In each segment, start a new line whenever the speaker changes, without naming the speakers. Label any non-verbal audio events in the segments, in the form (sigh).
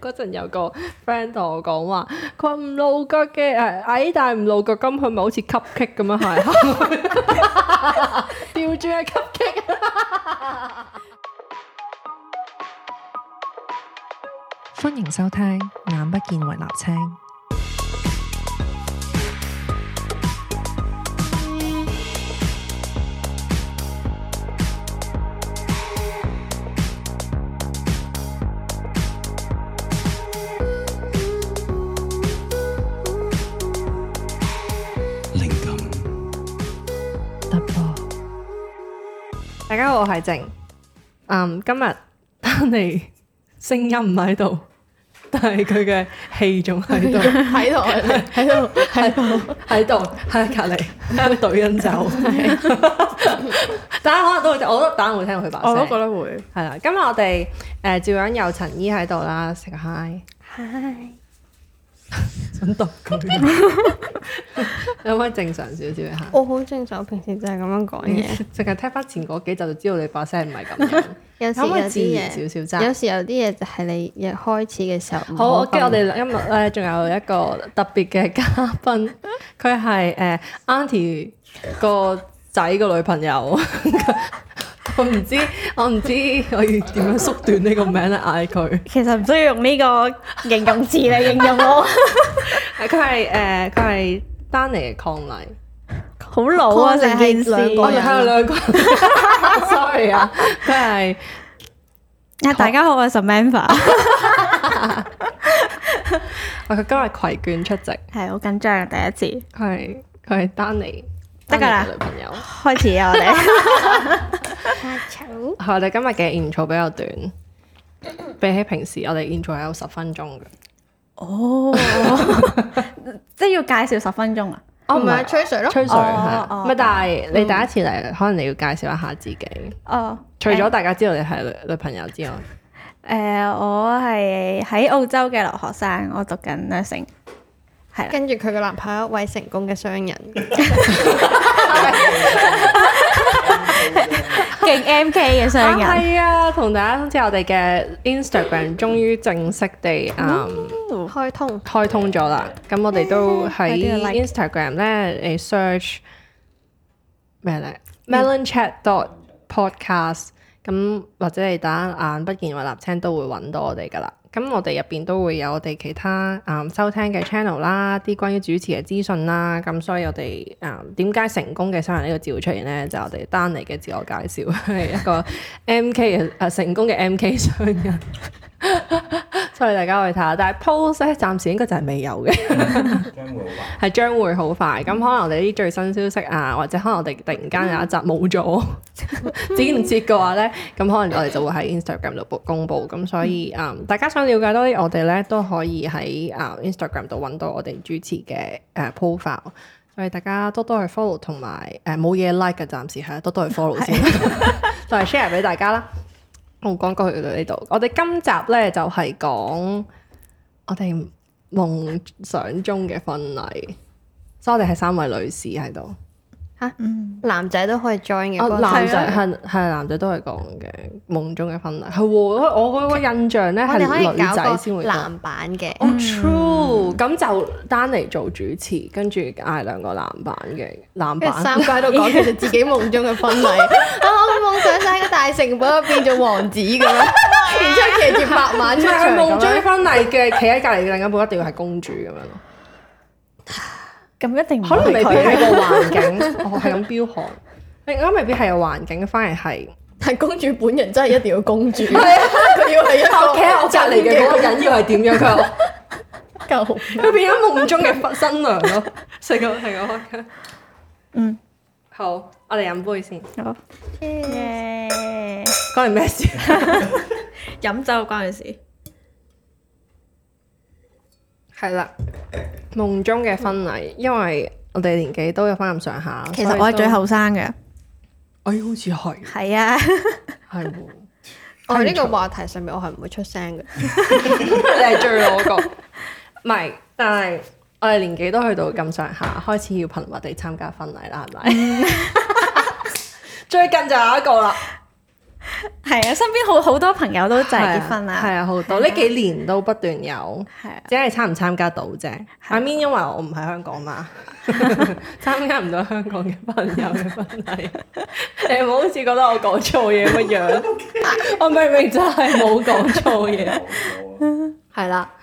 嗰陣有個 friend 同我講話，佢話唔露腳嘅矮，但唔露腳金，佢咪好似 cupcake 咁樣，係 (laughs) (laughs) 吊住係 cupcake。 (laughs) 歡迎收聽，眼不見為立青。大家好，我係靜。嗯，今日丹尼聲音唔喺度，但係佢嘅戲仲喺度，喺度，喺度，喺度，喺度，喺隔籬喺度懟人走。大家可能都會，我覺得大家會聽到佢把聲。我都覺得會。係啦，今日我哋誒，照樣有陳依喺度啦，食個 hi。想讀佢有冇正常少少吓？我好正常，平時就係咁樣講嘢，淨係 (laughs) 聽翻前嗰幾集就知道你把聲唔係咁。有冇自然少少？有，有時有啲嘢， (laughs) 就係你一開始嘅時候。好，我跟我哋今日咧，仲有一個特別嘅嘉賓，佢係誒 Auntie 個仔個女朋友。 (laughs) 我唔知，我唔知我要點樣縮短呢個名嚟嗌佢。其實唔需要用呢個形容詞嚟形容我。佢係誒，佢、呃、係丹尼嘅抗禮，好老啊成件事。我哋係兩個。兩個 (laughs) sorry 啊，佢係啊，大家好、啊，我係 Samantha。我佢、啊、 (laughs) (laughs) 今日攜眷出席，係好緊張，第一次。佢係佢係丹尼。
得噶啦！
女朋友，開始啊！我哋我哋今日嘅 intro 比較短，比起平時我哋 intro 有十分鐘嘅。哦，即係要介紹十分鐘啊？哦，唔係吹水咯，吹水係。唔係，但係你第一次嚟，可能你要介紹一下自己。哦，除咗大家知道你係女女朋友之外，誒，我係喺澳洲嘅留學生，我讀緊 nursing。係，跟住佢嘅男朋友一位成功嘅商人，勁 MK 嘅商人。係 (laughs) 啊，啊，同大家通知我哋嘅 Instagram 終於正式地嗯、um, 開通開通咗啦。咁我哋都喺 Instagram 咧，你 search 咩咧、嗯、？Melon Chat dot Podcast，咁或者你打眼不見或立青都會揾到我哋㗎喇。咁我哋入邊都會有我哋其他誒、嗯、收聽嘅 channel 啦，啲關於主持嘅資訊啦。咁所以我哋誒點解成功嘅商人呢個字會出現呢？就是、我哋丹尼嘅自我介紹係一個 M K 啊，成功嘅 M K 商人。 (laughs) 所以大家可以睇下，但係 post 咧暫時應該就係未有嘅，係 (laughs) 將會好快。咁 (laughs) 可能我哋啲最新消息啊，或者可能我哋突然間有一集冇咗剪接嘅話咧，咁可能我哋就會喺 Instagram 度公佈。咁所以啊、嗯，大家想了解多啲我哋咧，都可以喺啊、嗯、Instagram 度揾到我哋主持嘅誒 profile，所以大家多多去 follow 同埋誒冇、呃、嘢 like 嘅暫時係、like、多多去 follow 先，再 share 俾大家啦。我講過去到呢度，我哋今集咧就係講我哋夢想中嘅婚禮，所以我哋係三位女士喺度。吓、啊，男仔、啊啊、都可以 join 嘅。哦，男仔係係男仔都係講嘅夢中嘅婚禮。係我我個印象咧係女仔先會男版嘅。哦、oh,，true。咁、嗯、就單嚟做主持，跟住嗌兩個男版嘅男版。佢喺度講其實自己夢中嘅婚禮。 (laughs) (laughs) 啊，我夢想就喺個大城堡入邊做王子咁 (laughs) 樣，然之後騎住白馬。啊，夢中婚禮嘅企喺隔籬嘅另一半一定要係公主咁樣咯。 (laughs) 咁一定可能未必係個環境，我係咁彪悍。你啱，未必係個環境，反而係係公主本人，真係一定要公主。佢要係一個企喺我隔籬嘅嗰個人，要係點樣？佢又佢變咗夢中嘅新新娘咯。成個成個，嗯，好，我哋飲杯先。好耶，關你咩事？飲酒關你事。係啦，夢中嘅婚禮，嗯、因為我哋年紀都有翻咁上下。其實我係最後生嘅，誒、哎，好似係，係是啊，係 (laughs) 嗎。我喺呢個話題上面，我係唔會出聲嘅， (laughs) (laughs) 你係最老個，唔係， (laughs) 但係我哋年紀都去到咁上下，開始要頻密地參加婚禮啦，係咪？ (laughs) (laughs) (laughs) 最近就有一個啦。係 (music) 啊，身邊好好多朋友都就係結婚啦，係啊，好、啊、多呢、啊、幾年都不斷有，係、啊、只係參唔參加到啫。阿 Min、啊、因為我唔喺香港嘛，參 (laughs) 加唔到香港嘅朋友嘅婚禮。 (laughs) 你唔好似覺得我講錯嘢乜樣？ (laughs) (laughs) 我明明就係冇講錯嘢，係啦、 (laughs) 啊。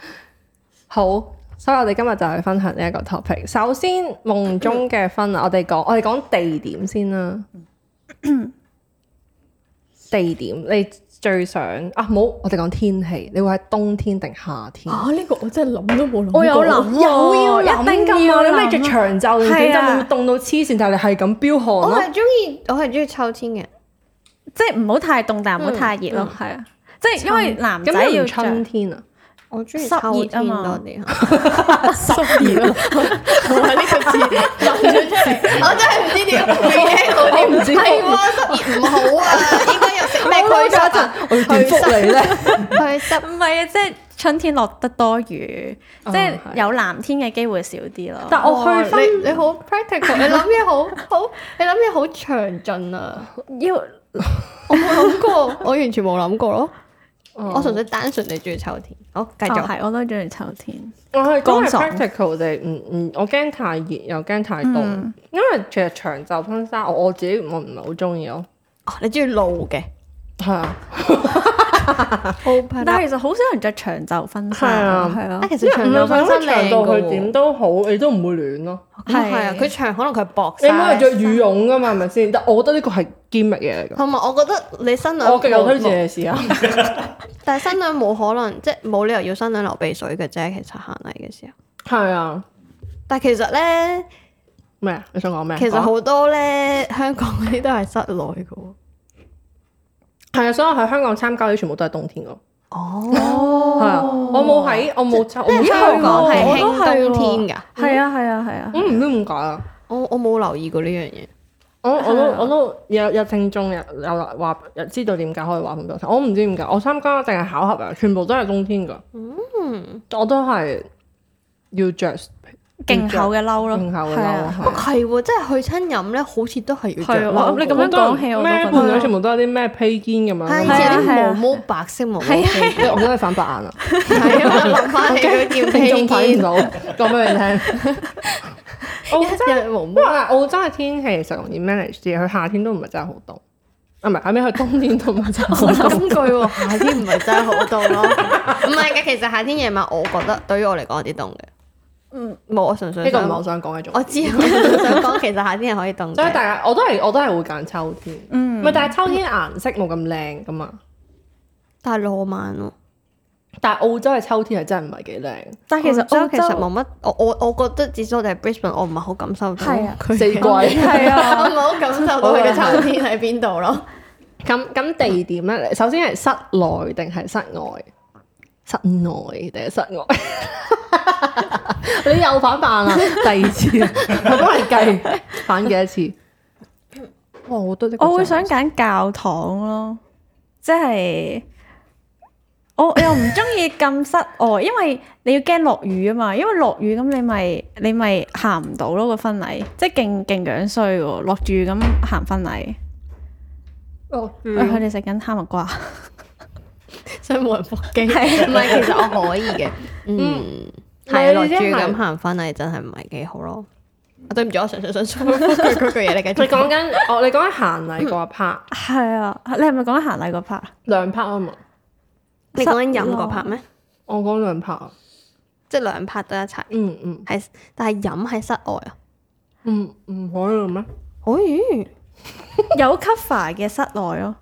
好，所以我哋今日就去分享呢一個 topic。首先，夢中嘅婚禮，我哋講， (laughs) 我哋講地點先啦。 (coughs) (coughs) 地點你最想啊？冇，我哋講天氣，你會喺冬天定夏天啊？呢個我真係諗都冇諗過。我有諗，有一定要啊！你咪着長袖，幾陣會凍到黐線，但係你係咁飆汗。我係中意，我係中意秋天嘅，即係唔好太凍，但係唔好太熱咯。係啊，
即係因為男仔要春
天啊，我中意秋天多啲。濕熱啊，呢個字諗我真係唔知點你應嗰啲唔知係嗎？熱唔好啊！咩季節啊？我要去濕你咧，去濕唔係啊！即係春天落得多雨，即係有藍天嘅機會少啲咯。但我去濕你好 practical，你諗嘢好好，你諗嘢好詳盡啊！要我冇諗過，我完全冇諗過咯。我純粹單純地中意秋天。好，繼續係，我都中意秋天。我係因為 practical 地，唔唔，我驚太熱又驚太凍。因為其實長袖婚紗我我自己我唔係好中意咯。哦，你中意露嘅？係啊，但係其實好少人着長袖婚紗，係啊，係咯。因為長袖婚紗長到佢點都好，你都唔會暖咯。係啊，佢長可能佢係薄。你可以着羽絨噶嘛？係咪先？但係我覺得呢個係 gimmick 嘢嚟噶。同埋，我覺得你新娘我有推薦嘅事啊！但係新娘冇可能，即係冇理由要新娘流鼻水嘅啫。其實行禮嘅時候，係啊。但係其實咧，咩啊？你想講咩？其實好多咧，香港啲都係室內噶。係啊，所以我喺香港參加啲全部都係冬天㗎。哦，係啊，我冇喺，我冇我唔知香港係冬天㗎。係啊，係啊，係啊。我唔知點解啊！我我冇留意過呢樣嘢。我我都我都有日正中有聽眾有有話知道點解可以話咁多，我唔知點解。我參加定係巧合啊，全部都係冬天㗎。嗯，我都係要著。勁厚嘅褸咯，係啊，不係喎，即係去親飲咧，好似都係要着。你咁樣講起，我啲伴娘全部都有啲咩披肩咁樣，毛毛白色毛，我真係反白眼啊！翻起佢叫披肩，睇唔到，講俾你聽。澳洲，因為澳洲嘅天氣其實容易 manage 啲，佢夏天都唔係真係好凍，唔係，係咩？佢冬天都唔係真係。講句，夏天唔係真係好凍咯，唔係嘅。其實夏天夜晚，我覺得對於我嚟講有啲凍嘅。嗯，冇，我純粹呢個唔係我想講嘅種。我知，我想講其實夏天係可以凍。所以大家我都係我都係會揀秋天。嗯，唔係但係秋天顏色冇咁靚噶嘛？但係浪漫咯。但係澳洲嘅秋天係真係唔係幾靚。但係其實澳洲其實冇乜，我我我覺得至少我哋係 Brisbane，我唔係好感受到四季係啊，我冇感受到佢嘅秋天喺邊度咯。咁咁第二點咧，首先係室內定係室外？室內定係室外，你又反扮啦， (laughs) 第二次， (laughs) 我幫你計，反幾多次？我覺得我會想揀教堂咯，即係我、哦、又唔中意咁室外， (laughs) 因為你要驚落雨啊嘛，因為落雨咁你咪你咪行唔到咯個婚禮，即係勁勁樣衰喎，落住咁行婚禮。佢哋食緊哈密瓜。所以冇人復機唔係？其實我可以嘅，嗯，係落要咁行翻嚟，真係唔係幾好咯。我對唔住，我想想，想錯咗句嘢，你繼續。你講緊哦？你講緊行禮嗰 part 係啊？你係咪講緊行禮嗰 part 啊？兩 part 啊嘛？你講緊飲嗰 part 咩？我講兩 part 啊，即係兩 part 都一齊。嗯嗯，係，但係飲喺室外啊？唔，唔可以咩？可以有 cover 嘅室內咯。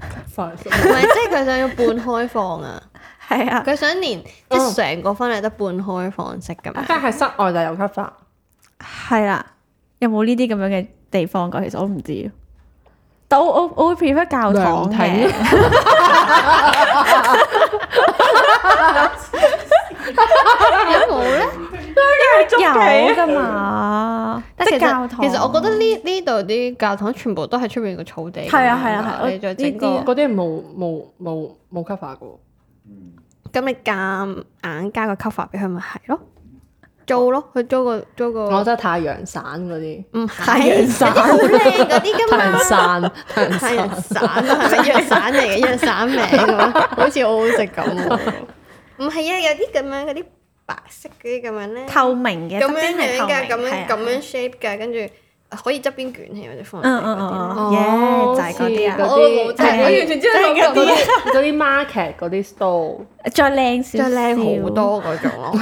唔係， (laughs) 即係佢想要半開放啊，係啊，佢想連即係成個婚禮得半開放式噶嘛，即係、嗯、室外就有出發，係啦、啊，有冇呢啲咁樣嘅地方噶？其實我唔知，但係我我我會 prefer 教堂嘅，梁頓 (laughs) (laughs) 有冇咧？都係中地㗎嘛，即係教堂其，其實我覺得呢呢度啲教堂全部都喺出面個草地。係啊係啊，對你再整過嗰啲冇冇冇冇 cover 嘅。咁你夾硬加個 cover 俾佢咪係咯？租咯，佢租個租個。個個個我覺得太陽傘嗰啲，唔係太陽傘好靚嗰啲咁太陽傘，太陽傘係咪陽傘嚟嘅？一陽傘名好似好好食咁，唔係啊，有啲咁樣啲。白色嗰啲咁樣咧，透明嘅側邊係透明咁樣咁樣 shape 㗎，跟住可以側邊捲起或者放落嗰啲。嗯嗯就係嗰啲嗰啲，係完全知嗰啲 market 嗰啲 store，再靚少，再靚好多嗰種咯。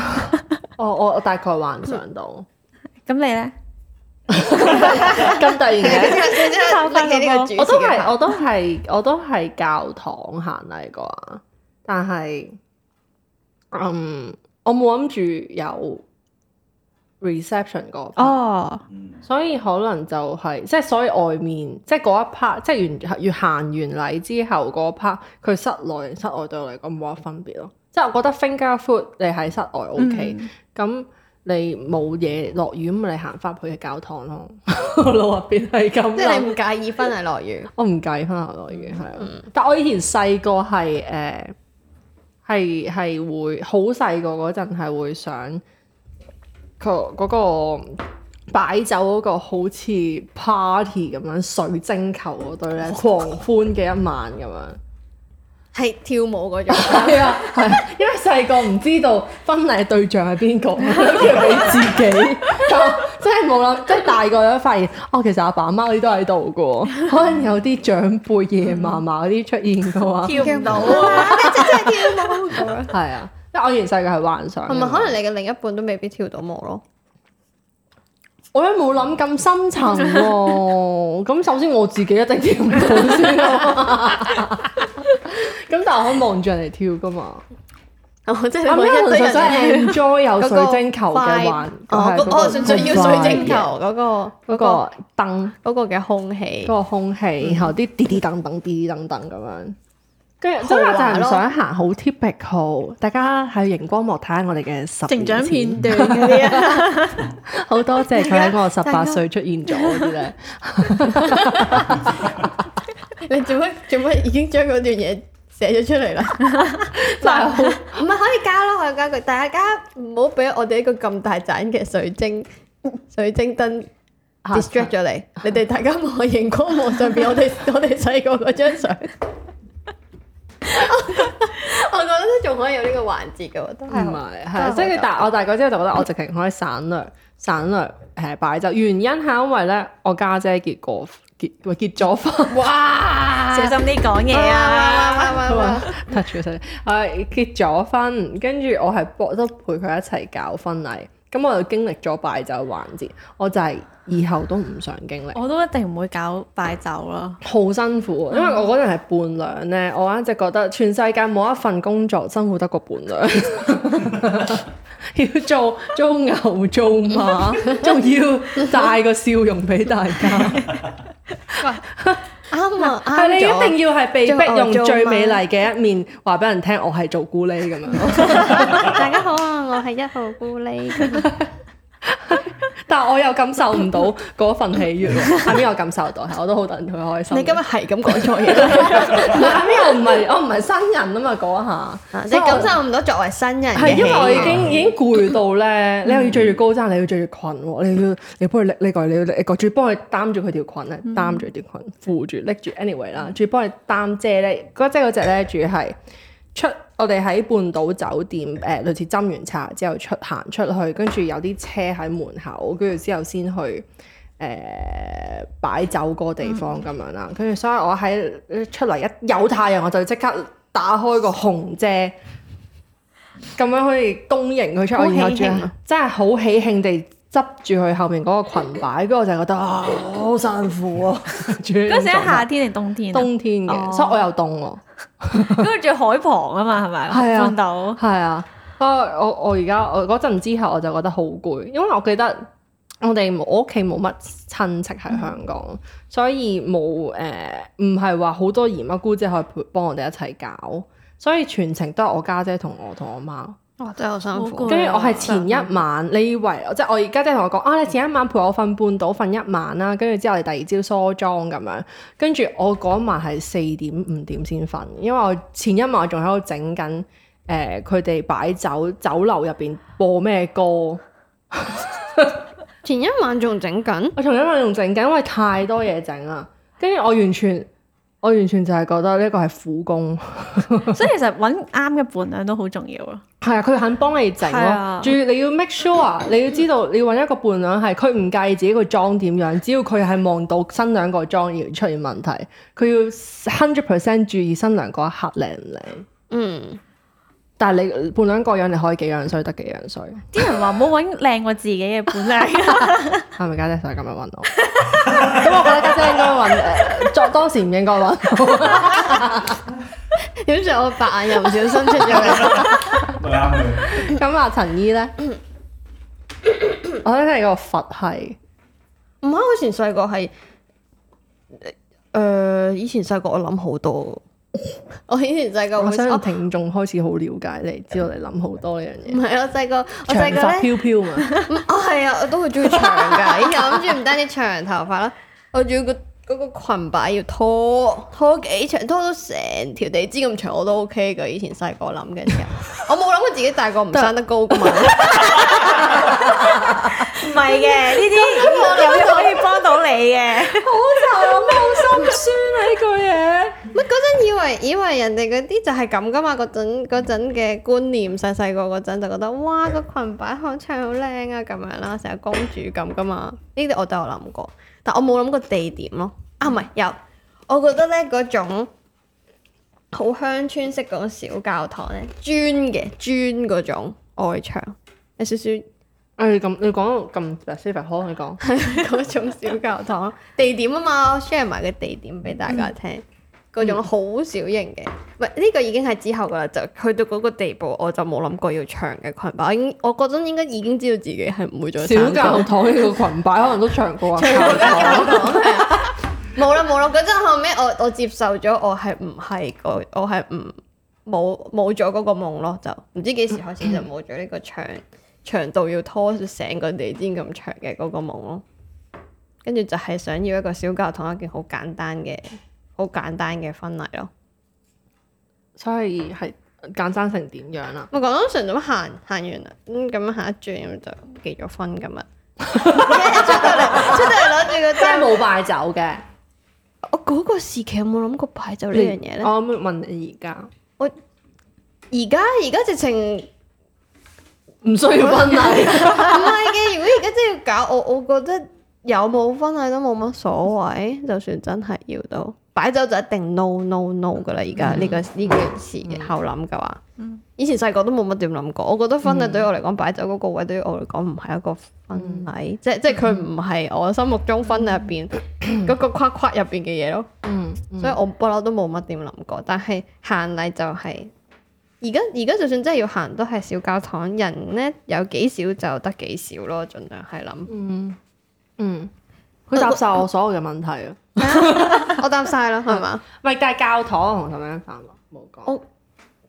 哦，我我大概幻想到。咁你咧？咁突然間，我我都係我都係我都係教堂行嚟啩，但係嗯。我冇諗住有，有 reception 嗰邊、哦、所以可能就係即係所以外面即係嗰一 part，即係完要行完，完禮之後嗰 part，佢室內室外對我嚟講冇乜分別咯。即、就、係、是、我覺得 finger food 你喺室外 OK，咁、嗯、你冇嘢落雨咁，你行翻去嘅教堂咯。 (laughs) 我老 (laughs) 你話變係咁，即係你唔介意婚禮落雨？ (laughs) 我唔介意婚禮落雨係，嗯、但我以前細個係誒。呃係係會好細個嗰陣係會想，嗰個嗰個擺酒嗰個好似 party 咁樣水晶球嗰堆咧，狂歡嘅一晚咁樣。係跳舞嗰種，啊，係、啊啊，因為細個唔知道婚禮對象係邊個，諗住俾自己，咁即係冇諗，即係大個咗發現，哦，其實阿爸阿媽啲都喺度嘅，可能有啲長輩爺爺嫲嫲嗰啲出現嘅、嗯、跳到 (laughs) 跳啊，一直跳舞嗰種，係啊，即係我而家細個係幻想，唔係，可能你嘅另一半都未必跳到舞咯，我都冇諗咁深層喎、哦，咁首先我自己一定跳唔到先啦。 (laughs) (laughs) 咁但係我可以望住人哋跳噶嘛，我即係我真係都想 enjoy 有水晶球嘅玩，我我純粹要水晶球嗰個嗰個燈嗰個嘅空氣，嗰個空氣，然後啲滴滴當當滴滴當當咁樣，跟住即係我就係想行好 typical。大家喺熒光幕睇下我哋嘅成長片段，好多謝佢喺我十八歲出現咗，真係。你做乜做乜？已經將嗰段嘢寫咗出嚟啦！唔係可以加咯，可以加佢。大家唔好俾我哋一個咁大盞嘅水晶水晶燈 distract 咗 (laughs) 你。你哋大家望熒光幕上邊， (laughs) 我哋我哋細個嗰張相。 (laughs) (laughs) 我覺得都仲可以有呢個環節嘅，唔係係。是所以大我大個之後就覺得我直情可以省略省略誒擺酒。原因係因為咧，我家姐結過。結喂，結咗婚哇、啊，哇！小心啲講嘢啊！Touch 嘅細，誒結咗婚，跟住我係搏得陪佢一齊搞婚禮。咁我就經歷咗擺酒環節，我就係以後都唔想經歷。我都一定唔會搞擺酒咯，好辛苦。因為我嗰陣係伴娘呢，我一直覺得全世界冇一份工作辛苦得過伴娘， (laughs) (laughs) (laughs) 要做做牛做馬，仲 (laughs) 要帶個笑容俾大家。 (laughs) (laughs) 喂啱啊，係你一定要係被逼用最美麗嘅一面話俾人聽，我係做咕喱，咁樣。大家好，啊，我係一號咕喱。 (laughs) 但係我又感受唔到嗰份喜悅，邊有感受到？我都好等佢開心。你今日係咁講咗嘢，邊又唔係？我唔係新人啊嘛，一下、啊、你感受唔到作為新人。係因為我已經已經攰到咧，你要着住高踭、嗯，你要着住裙，你要你幫佢拎呢個，你要拎嗰，仲要幫佢擔住佢條裙咧，擔住條裙扶住拎住，anyway 啦，仲、那個、要幫佢擔遮咧，嗰隻嗰隻咧主要係。出我哋喺半島酒店，誒、呃、類似斟完茶之後出行出去，跟住有啲車喺門口，跟住之後先去誒、呃、擺酒嗰個地方咁、嗯、樣啦。跟住所以我喺出嚟一有太陽，我就即刻打開個紅遮，咁樣可以恭迎佢出去。喜慶真係好喜慶地。執住佢後面嗰個裙擺，跟住我就覺得、啊、好辛苦啊！嗰時喺夏天定冬天？啊？冬天嘅。哦、所以我又凍喎。跟住住海旁啊嘛，係咪？係啊。係啊。啊！我我而家我嗰陣之後我就覺得好攰，因為我記得我哋我屋企冇乜親戚喺香港，嗯、所以冇誒，唔係話好多姨媽姑姐可以陪幫我哋一齊搞，所以全程都係我家姐同我同我媽。哇！真係好辛苦。跟住 (noise) 我係前一晚， (noise) 你以為即係我而家即係同我講 (noise) 啊！你前一晚陪我瞓半島，瞓一晚啦、啊。跟住之後你第二朝梳妝咁樣。跟住我嗰晚係四點五點先瞓，因為我前一晚仲喺度整緊誒，佢哋擺酒酒樓入邊播咩歌。 (laughs) 前一晚仲整緊。 (laughs) (noise) 我同一晚仲整緊，因為太多嘢整啦。跟住我完全。我完全就係覺得呢個係苦工， (laughs) 所以其實揾啱嘅伴娘都好重要咯。係啊，佢肯幫你整咯，仲要、啊、你要 make sure 你要知道你揾一個伴娘係，佢唔介意自己個妝點樣，只要佢係望到新娘個妝要出現問題，佢要 hundred percent 注意新娘嗰一刻靚唔靚。多多嗯。但係你伴娘個樣，你可以幾樣衰得幾樣衰。啲人話唔好搵靚過自己嘅伴侶，係咪家姐就係咁樣搵我？咁我覺得家姐應該搵，作當時唔應該搵我。點解我白眼又唔小心出咗嚟啊？咁阿陳姨咧，我想聽個佛係。唔係，我以前細個係，誒，以前細個我諗好多。我以前細個，我想聽眾開始好了解你，知道你諗好多呢樣嘢。唔係我細個，我細個咧，長髮飄飄嘛。我係、 (laughs) 哦、啊，我都會鍾意長噶。以前諗住唔單止長頭髮啦， (laughs) 我仲要個個裙擺要拖拖幾長，拖到成條地氈咁長我都 OK 噶。以前細個諗嘅我冇諗過自己大個唔生得高噶嘛。 (laughs) (laughs) 唔係嘅，呢啲我有可以幫到你嘅。 (laughs) 好慘啊，好心酸啊呢句嘢。這個乜嗰陣以為以為人哋嗰啲就係咁㗎嘛。嗰陣嗰陣嘅觀念，細細個嗰陣就覺得哇，個裙擺好長，好靚啊咁樣啦，成日公主咁㗎嘛。呢啲我都有諗過，但我冇諗過地點咯。啊，唔係有，我覺得咧嗰種好鄉村式嗰種， (laughs) (laughs) 種小教堂咧，磚嘅磚嗰種外牆，有少少。誒咁，你講咁，嚟少少可唔可以講嗰種小教堂地點啊嘛？share 埋個地點俾大家聽。 (laughs) 嗰種好小型嘅，唔係、呢個已經係之後㗎喇，就去到嗰個地步，我就冇諗過要長嘅裙擺。我應我嗰陣應該已經知道自己係唔會再小教堂呢個裙擺可能都長過啊！ (laughs) 小教堂冇啦冇啦，嗰陣 (laughs) (laughs) (laughs) 後尾我我接受咗、那個，我係唔係我係唔冇冇咗嗰個夢咯？就唔知幾時開始就冇咗呢個長咳咳長度要拖成個地氈咁長嘅嗰個夢咯。跟住就係想要一個小教堂一件好簡單嘅。好簡單嘅婚禮咯，所以係簡單成點樣啦、啊？我講咗成咗行行完啦，咁咁行一轉咁就結咗婚咁啊！ (laughs) yeah，出到嚟 (laughs) 出到嚟攞住個真係冇擺酒嘅，我嗰個時期有冇諗過擺酒呢樣嘢咧？我問你而家，我而家而家直情唔需要婚禮，唔係嘅。如果而家真係要搞我，我我覺得有冇婚禮都冇乜所謂，就算真係要到。擺酒就一定 no no no 噶啦而家呢個呢個時候諗嘅話，嗯、以前細個都冇乜點諗過。我覺得婚禮對我嚟講，擺酒嗰個位對於我嚟講唔係一個婚禮，嗯，即即係佢唔係我心目中婚禮入邊嗰個框框入邊嘅嘢咯。嗯嗯、所以我不嬲都冇乜點諗過。但係行禮就係而家而家就算真係要行都係小教堂，人呢有幾少就得幾少咯，盡量係諗、嗯。嗯。佢答晒我所有嘅問題啊！我答晒啦，係嘛？唔係，但係教堂同十零番冇講。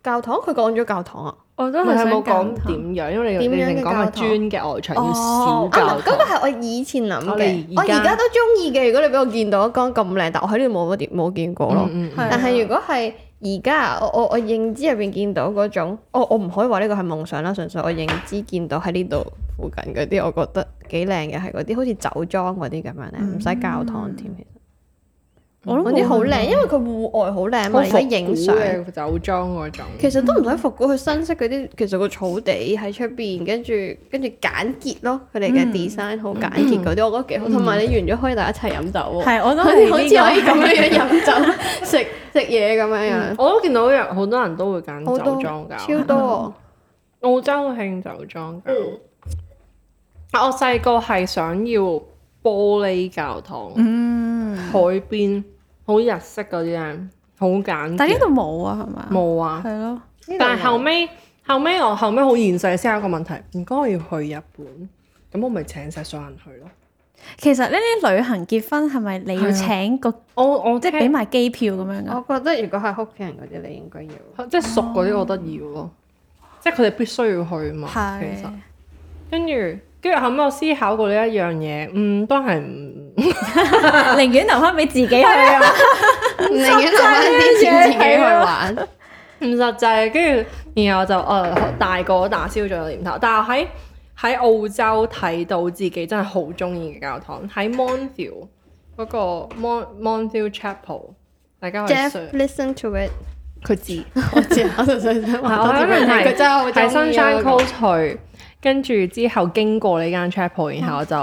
教堂佢講咗教堂啊！我都係冇講點樣，因為你你哋講下磚嘅外牆要少。啊唔係，嗰個係我以前諗嘅，我而家都中意嘅。如果你俾我見到一間咁靚，但我喺呢度冇乜點冇見過咯。但係如果係。而家我我我認知入邊見到嗰種，哦、我我唔可以話呢個係夢想啦，純粹我認知見到喺呢度附近嗰啲，我覺得幾靚嘅係嗰啲好似酒莊嗰啲咁樣咧，唔使教堂添，mm hmm. 我諗啲好靚，因為佢戶外好靚，咪可以影相。酒莊嗰種，其實都唔使復古，佢新式嗰啲，其實個草地喺出邊，跟住跟住簡潔咯，佢哋嘅 design 好簡潔嗰啲，我覺得幾好。同埋你完咗可以大家一齊飲酒。係，我都係。好似可以咁樣樣飲酒、食食嘢咁樣樣。我都見到好多人都會揀酒莊㗎。超多。澳洲慶酒莊。我細個係想要玻璃教堂。嗯。海邊，好日式嗰啲啊，好簡單。但呢度冇啊，係咪了？冇啊，係咯。但係後尾，後尾我後尾好現實，先有一個問題，唔該我要去日本，咁我咪請晒所有人去咯。其實呢啲旅行結婚係咪你要請個？的我我即係俾埋機票咁樣啊？我覺得如果係屋企人嗰啲，你應該要。即係熟嗰啲，我覺得要咯。哦、即係佢哋必須要去嘛。其實。跟住的。跟住後屘，我思考過呢一樣嘢，嗯，都係唔寧願留翻俾自己去啊，寧願攞啲錢自己去玩，唔不實際。跟住，然後就誒大個打消咗個念頭。但係喺喺澳洲睇到自己真係好中意嘅教堂，喺 Montville 嗰個 Mon Montville Chapel，大家去聽，listen to it，佢自我自，我就想話，可能係喺 Sunshine Coast 去。跟住之後經過呢間 chapel 然後我就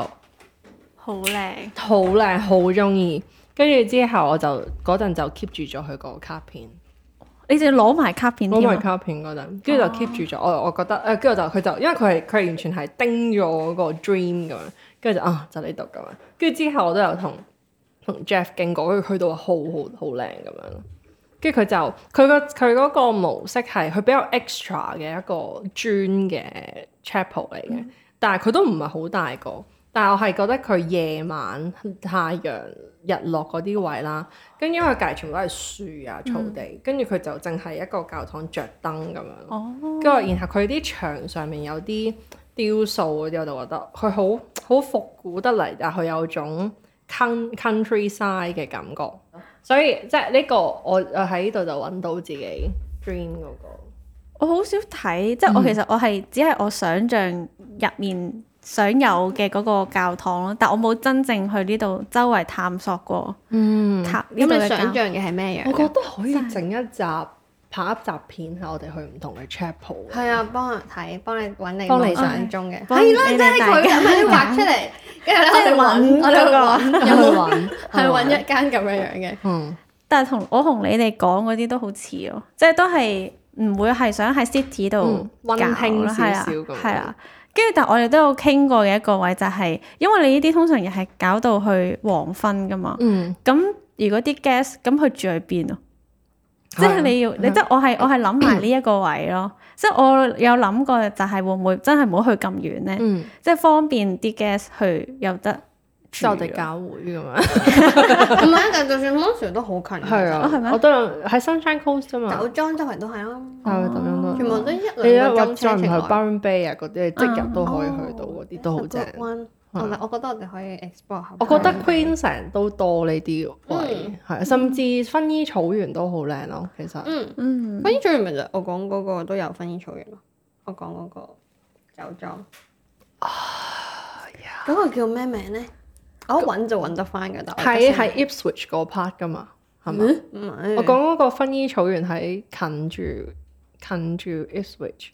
好靚，好靚、嗯，好中意。跟住之後我就嗰陣就 keep 住咗佢個卡片，你仲攞埋卡片、oh my 啊，攞埋卡片嗰陣，跟住就 keep 住咗。哦、我我覺得，誒、呃，跟住就佢就因為佢係佢係完全係盯咗個 dream 咁樣，跟、啊、住就啊就呢度咁樣。跟住之後我都有同同 Jeff 經過，跟住去到好好好靚咁樣。跟住佢就佢個佢嗰個模式係佢比較 extra 嘅一個磚嘅 chapel 嚟嘅，嗯、但係佢都唔係好大個。但係我係覺得佢夜晚太陽日落嗰啲位啦，跟住因為隔籬全部都係樹啊草地，跟住佢就淨係一個教堂著燈咁樣。跟住、哦、然後佢啲牆上面有啲雕塑嗰啲，我就覺得佢好好復古得嚟，但係佢有種 countryside 嘅感覺。所以即係呢個，我喺呢度就揾到自己 dream 嗰個。我好少睇，即係我其實我係、嗯、只係我想象入面想有嘅嗰個教堂咯，但我冇真正去呢度周圍探索過。嗯，咁你想象嘅係咩嘢？我覺得可以整一集。就係拍一集片，我哋去唔同嘅 chapel 係啊，幫人睇，幫你揾你嗰啲鐘嘅。係啦，即係佢係畫出嚟，跟住咧我就揾，我就講，有冇揾，係揾一間咁樣樣嘅。但係同我同你哋講嗰啲都好似囉，即係都係唔會係想喺 city 度温聽咯，係啊，係啊。跟住，但係我哋都有傾過嘅一個位，就係因為你呢啲通常又係搞到去黃昏噶嘛。嗯。咁如果啲 guest 咁佢住喺邊啊？ (music) 即係你要，你即係我係我係諗埋呢一個位咯。 (coughs) 即係我有諗過，就係會唔會真係唔好去咁遠咧？ (music) 即係方便啲 guest 去又得，即係我哋搞會咁樣。唔 (noise) 係樂， (laughs) 但係就算 Monster 都好近，係 (laughs) 啊，係咩？我都喺 Sunshine Coast 啊嘛，酒莊周圍都係啊，咁樣咯，全部都一兩個鐘車程去 Byron Bay 啊嗰啲，即日都可以去到，啲都好正。啊啊啊我覺得我哋可以 explore 下。我覺得 Queensland 都多呢啲位，係、嗯、甚至薰衣草原都好靚咯。其實，薰、嗯嗯嗯、衣草原咪就我講嗰個都有薰衣草原咯。我講嗰個酒莊，嗰、啊、個叫咩名咧？那我揾就揾得翻㗎，那但係喺 Ipswich 嗰 part 㗎嘛，係咪？唔係、嗯，我講嗰個薰衣草原喺近住近住 Ipswich。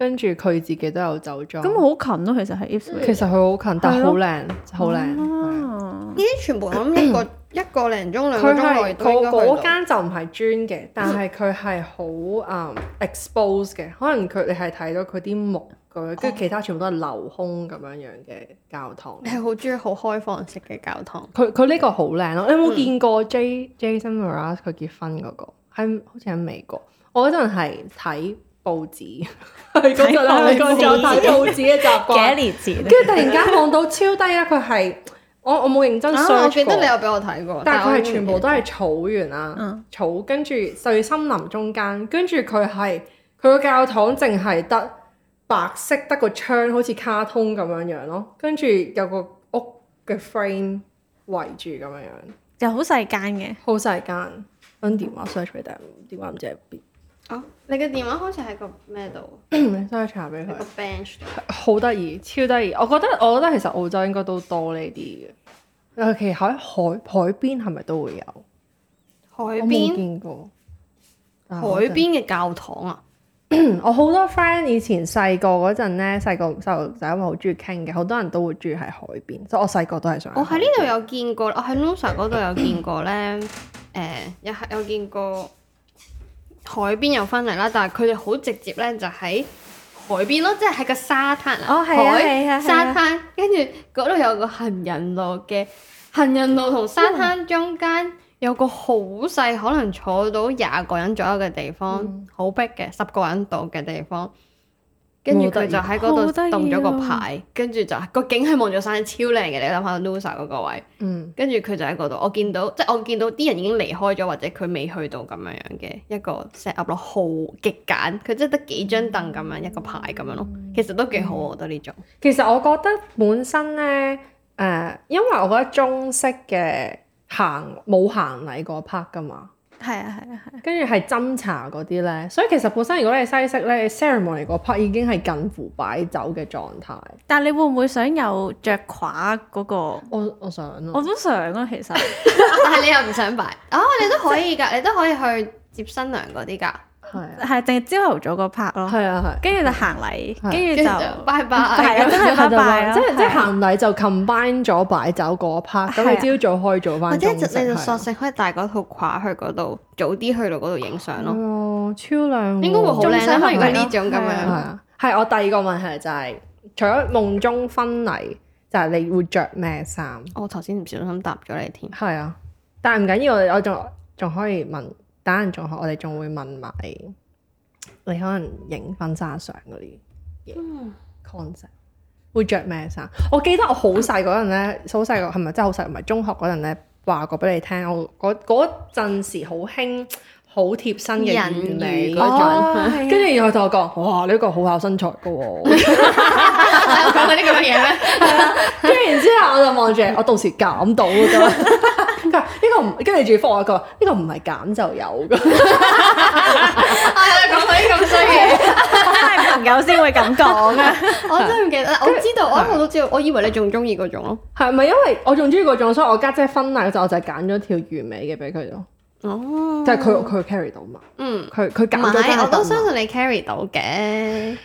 跟住佢自己都有酒莊。咁好近咯、啊，其實係 Ipswich、嗯。其實佢好近，但係好靚，好靚。呢啲、啊、全部我諗一個、嗯、一個零鐘兩個鐘內到。佢係嗰嗰間就唔係磚嘅，但係佢係好誒 exposed 嘅、嗯，可能佢你係睇到佢啲木嗰啲，跟住其他全部都係鏤空咁樣樣嘅教堂。你係好中意好開放式嘅教堂？佢佢呢個好靚咯！嗯、你有冇見過 JJ Summeras 佢結婚嗰、那個？喺、嗯、好似喺美國，我嗰陣係睇。報紙係咁噶啦，睇報紙嘅習慣，幾年前，跟住突然間望到超低啊！佢係我我冇認真上過，我記得你有俾我睇過，但係佢係全部都係草原啦，草跟住在森林中間，跟住佢係佢個教堂淨係得白色，得個窗好似卡通咁樣樣咯，跟住有個屋嘅 frame 圍住咁樣樣，又好細間嘅，好細間。搵電話 search 嚟，但係電話唔知喺邊。哦、你嘅電話好似喺個咩度？我幫你查俾佢。 (coughs) Sorry, 個 bench (coughs) 好得意，超得意！我覺得，我覺得其實澳洲應該都多呢啲嘅。尤其喺海海邊，是是海邊，係咪都會有海邊？見過海邊嘅教堂啊！ (coughs) 我好多 friend 以前細個嗰陣咧，細個唔細路仔，因為好中意傾嘅，好多人都會中意喺海邊。所以我細個都係想。我喺呢度有見過，我喺 Losa 嗰度有見過咧。誒，有係有見過。海邊又分嚟啦，但係佢哋好直接咧，就喺海邊咯，即係喺個沙灘啊，海、哦係啊係啊係啊、沙灘，跟住嗰度有個行人路嘅，行人路同沙灘中間有個好細，嗯、可能坐到廿個人左右嘅地方，好逼嘅，十個人度嘅地方。跟住佢就喺嗰度動咗個牌，啊、跟住就個景係望咗山，超靚嘅。你諗下 Lusa 嗰個位，嗯、跟住佢就喺嗰度。我見到即係、就是、我見到啲人已經離開咗，或者佢未去到咁樣樣嘅一個 set up 咯，好極簡。佢即係得幾張凳咁樣、嗯、一個牌咁樣咯，其實都幾好，嗯、我覺得呢種。其實我覺得本身咧，誒、呃，因為我覺得中式嘅行冇行禮嗰 part 㗎嘛。係啊係啊係啊，跟住係斟茶嗰啲咧，所以其實本身如果你係西式咧，你 ceremony 嗰 part 已經係近乎擺酒嘅狀態。但你會唔會想有着褂嗰個？我我想啊，我都想啊，其實。 (laughs) (laughs) 但係你又唔想擺？哦，你都可以噶， (laughs) 你都可以去接新娘嗰啲噶。係，係淨係朝頭早嗰 part 咯。係啊係，跟住就行禮，跟住就拜拜，係真係拜拜。即係即係行禮就 combine 咗擺酒嗰 part。咁你朝早可以做翻。或者你就索性可以帶嗰套褂去嗰度，早啲去到嗰度影相咯。超靚，應該會好靚。如果呢種咁樣係啊。係我第二個問題就係，除咗夢中婚禮，就係你會着咩衫？我頭先唔小心答咗你添。係啊，但係唔緊要，我我仲仲可以問。打能仲學，我哋仲會問埋你，你可能影婚紗相嗰啲嘢，concept 會着咩衫？我記得我好細嗰陣咧，好細個，係咪真係好細？唔係、就是、中學嗰陣咧，話過俾你聽，我嗰嗰陣時好興好貼身嘅羽絨，跟住、啊啊、然後同我講：哇，你、這、呢個好考身材嘅喎、哦！喺度講緊啲咁嘅嘢咩？跟住然之後我就望住，我到時減到。呢個唔，跟住仲要復我。佢話：呢個唔係揀就有嘅。係啊，講到啲咁衰嘢，朋友先會咁講嘅。我真係唔記得，我知道， (music) 我一路都知道。我以為你仲中意嗰種咯。係咪 (music) 因為我仲中意嗰種，所以我家姐婚禮嗰陣，我就揀咗條完美嘅俾佢咯。哦，即係佢佢 carry 到嘛。嗯，佢佢揀到。我都相信你 carry 到嘅。啊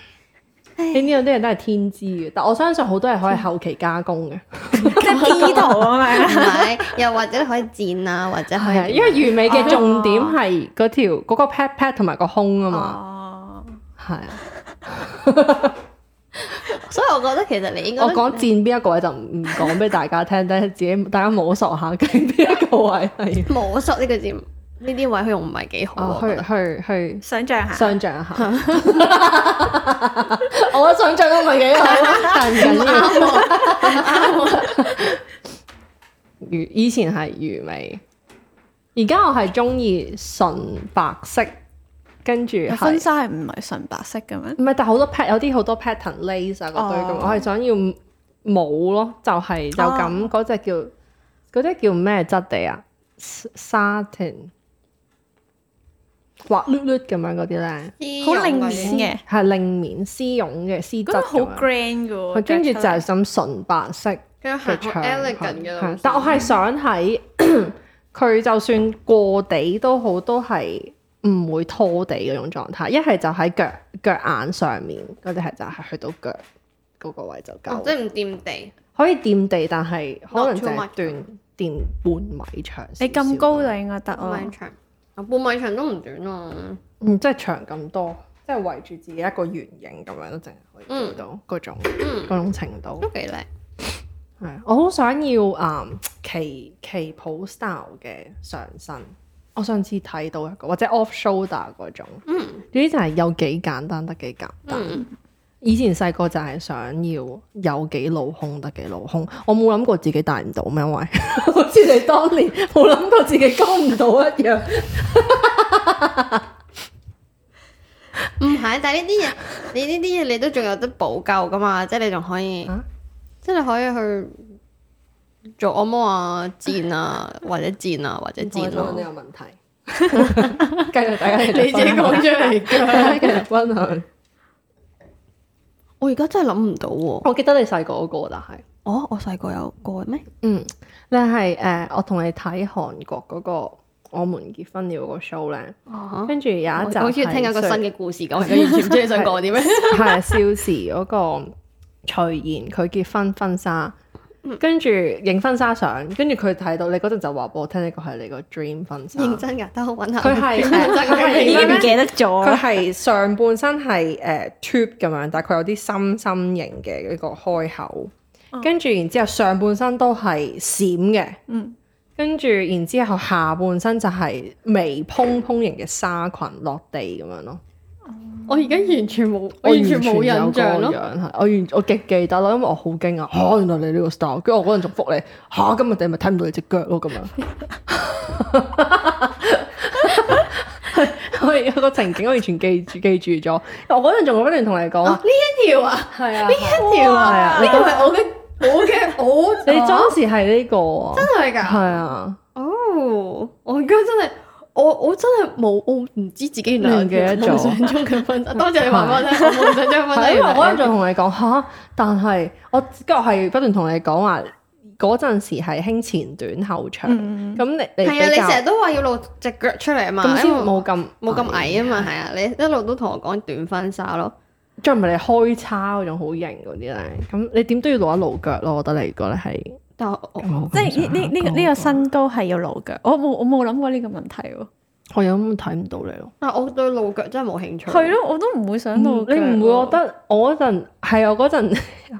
呢啲有啲人都係天資嘅，但我相信好多嘢可以後期加工嘅， (laughs) 即係 P 圖啊嘛，係咪？ (laughs) 又或者你可以剪啊，或者係因為完美嘅重點係嗰條嗰、哦、個 pat pat 同埋個胸啊嘛，係啊。所以我覺得其實你應該我講剪邊一個位就唔唔講俾大家聽，等 (laughs) (laughs) 自己大家摸索下，跟邊一個位係摸索呢個剪。呢啲位佢用唔係幾好去去、啊、去，去想象下，想象下。 (laughs) (laughs) 我想象都唔係幾好，但係而家以前係魚尾，而家我係中意純白色，跟住婚紗係唔係純白色嘅咩？唔係，但係好多 pat 有啲好多 pattern lace 啊嗰堆咁，Oh. 我係想要冇咯，就係、是、就咁嗰隻叫嗰啲、那個、叫咩質地啊？satin 滑碌碌咁樣嗰啲咧，好、嗯、令面嘅，係令面絲絨嘅絲質嘅，覺得好 grand 嘅。跟住就係咁純白色嘅長裙，嗯、但我係想喺佢嗽就算過地都好，都係唔會拖地嗰種狀態。一係就喺腳腳眼上面嗰啲，係就係去到腳嗰、嗰個位就夠、嗯，即係唔掂地可以掂地，但係可能就係斷掂半米長少少。你咁高就應該得半米長。嗯半米長都唔短啊！嗯，即係長咁多，即係圍住自己一個圓形咁樣都淨係可以做到嗰、嗯、種、種程度。都幾靚，嗯？係啊，我好想要啊旗旗袍 style 嘅上身。我上次睇到一個或者 off shoulder 嗰種，嗯，嗰啲就係有幾簡單得幾簡單。以前細個就係想要有幾老胸得幾老胸，我冇諗過自己大唔到咩，因為，為 (laughs) 好似你當年冇諗過自己高唔到一樣。唔 (laughs) 係，但呢啲嘢，你呢啲嘢你都仲有得補救噶嘛？即係你仲可以，啊、即係可以去做按摩啊、墊啊，或者墊啊，或者墊啊。你 (laughs) 有個問題， (laughs) 繼續大家你自己講出嚟，繼續分享。 (laughs) 我而家真係諗唔到喎、哦！我記得你細個嗰個，但係，哦，我細個有過咩？嗯，你係誒，我同你睇韓國嗰、那個《我們結婚了》嗰、那個 show 咧、哦吓，跟住有一集，好似聽一個新嘅故事咁，我以是完全唔知你想講啲咩？係少時嗰個徐賢佢結婚婚紗。.嗯、跟住影婚紗相，跟住佢睇到你嗰陣就話俾我聽，呢個係你個 dream 婚紗。認真噶，都好揾下。佢係，已經唔記得咗。佢係上半身係誒、uh, tube 咁樣，但係佢有啲心心型嘅一個開口。哦、跟住然之後上半身都係閃嘅，嗯。跟住然之後下半身就係微蓬蓬型嘅紗裙落地咁樣咯。嗯嗯。我而家完全冇，我完全冇印象咯、嗯。我完我極記得咯，因為我好驚啊！吓，原來你呢個 style 跟住我嗰陣仲復你，吓、啊，今日你咪睇唔到你隻腳咯咁樣。 (laughs) 我有個情景我完全記住記住咗，我嗰陣仲不斷同你講呢、哦、一條啊，係、欸、啊，呢一條啊，呢個係我嘅，我嘅， (laughs) 我你當時係呢個真係噶，係啊，哦，啊 oh, 我而家真係。我我真係冇，我唔知自己原來幾多種夢想中嘅婚紗。多謝你問我啦，夢想中婚因為我一度同你講嚇，但係我跟住我係不斷同你講話，嗰陣時係興前短後長。咁你你係啊？你成日都話要露隻腳出嚟啊嘛，咁先冇咁冇咁矮啊嘛。係啊，你一路都同我講短婚紗咯，即係唔係你開叉嗰種好型嗰啲咧？咁你點都要露一露腳咯？我覺得你如果咧係。但係，嗯、即係呢呢呢個身、嗯、高係要露腳、嗯。我冇我冇諗過呢個問題。喎。我有咁睇唔到你咯，但我對露腳真係冇興趣。係咯，我都唔會想到。你唔會覺得我嗰陣係我嗰陣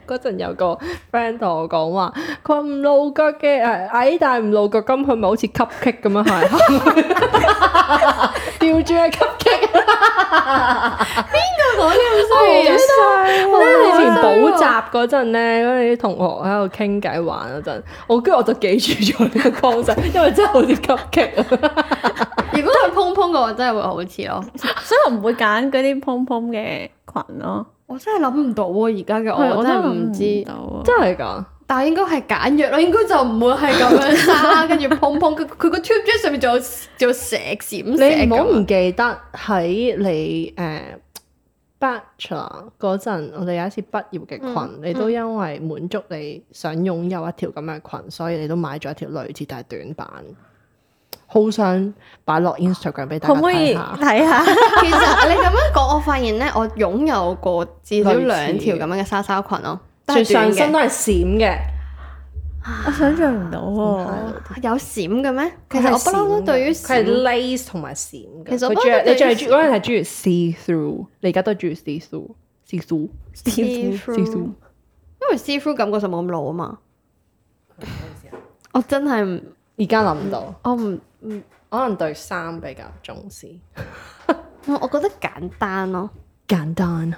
嗰陣有個 friend 同我講話，佢唔露腳嘅，矮大唔露腳，咁佢咪好似 cupcake 咁樣係？ (laughs) (laughs) (laughs) 吊住係 cupcake，邊個講啲咁衰，以前補習嗰陣咧，嗰啲壞同學喺度傾偈玩嗰陣，我跟住我就記住咗呢個方式， (laughs) 因為真係好似 cupcake。如果即係蓬蓬嘅話，我真係 (laughs) 會好似咯，所以我唔會揀嗰啲蓬蓬嘅裙咯。我真係諗唔到，而家嘅我真係唔知，真係噶。但係應該係簡約咯，應該就唔會係咁樣啦。跟住蓬蓬，佢佢個 T e 恤上面仲有仲有蛇閃。你唔好唔記得喺你誒 Bachelor 嗰陣，我哋有一次畢業嘅裙，嗯、你都因為滿足你想擁有一條咁嘅裙，所以你都買咗一條類似但係短版。好想擺落 Instagram 俾大家睇下，睇下。其實你咁樣講，我發現咧，我擁有過至少兩條咁樣嘅紗紗裙咯，但係上身都係閃嘅。我想像唔到有閃嘅咩？其實我不嬲都對於係 lace 同埋閃嘅。其實我最係最嗰陣係中意 see through，你而家都中意 see through，see through，see through，因為 see through 感覺就冇咁老啊嘛。我真係唔而家諗唔到，我唔。可能對衫比較重視，我 (laughs) 我覺得簡單咯，簡單。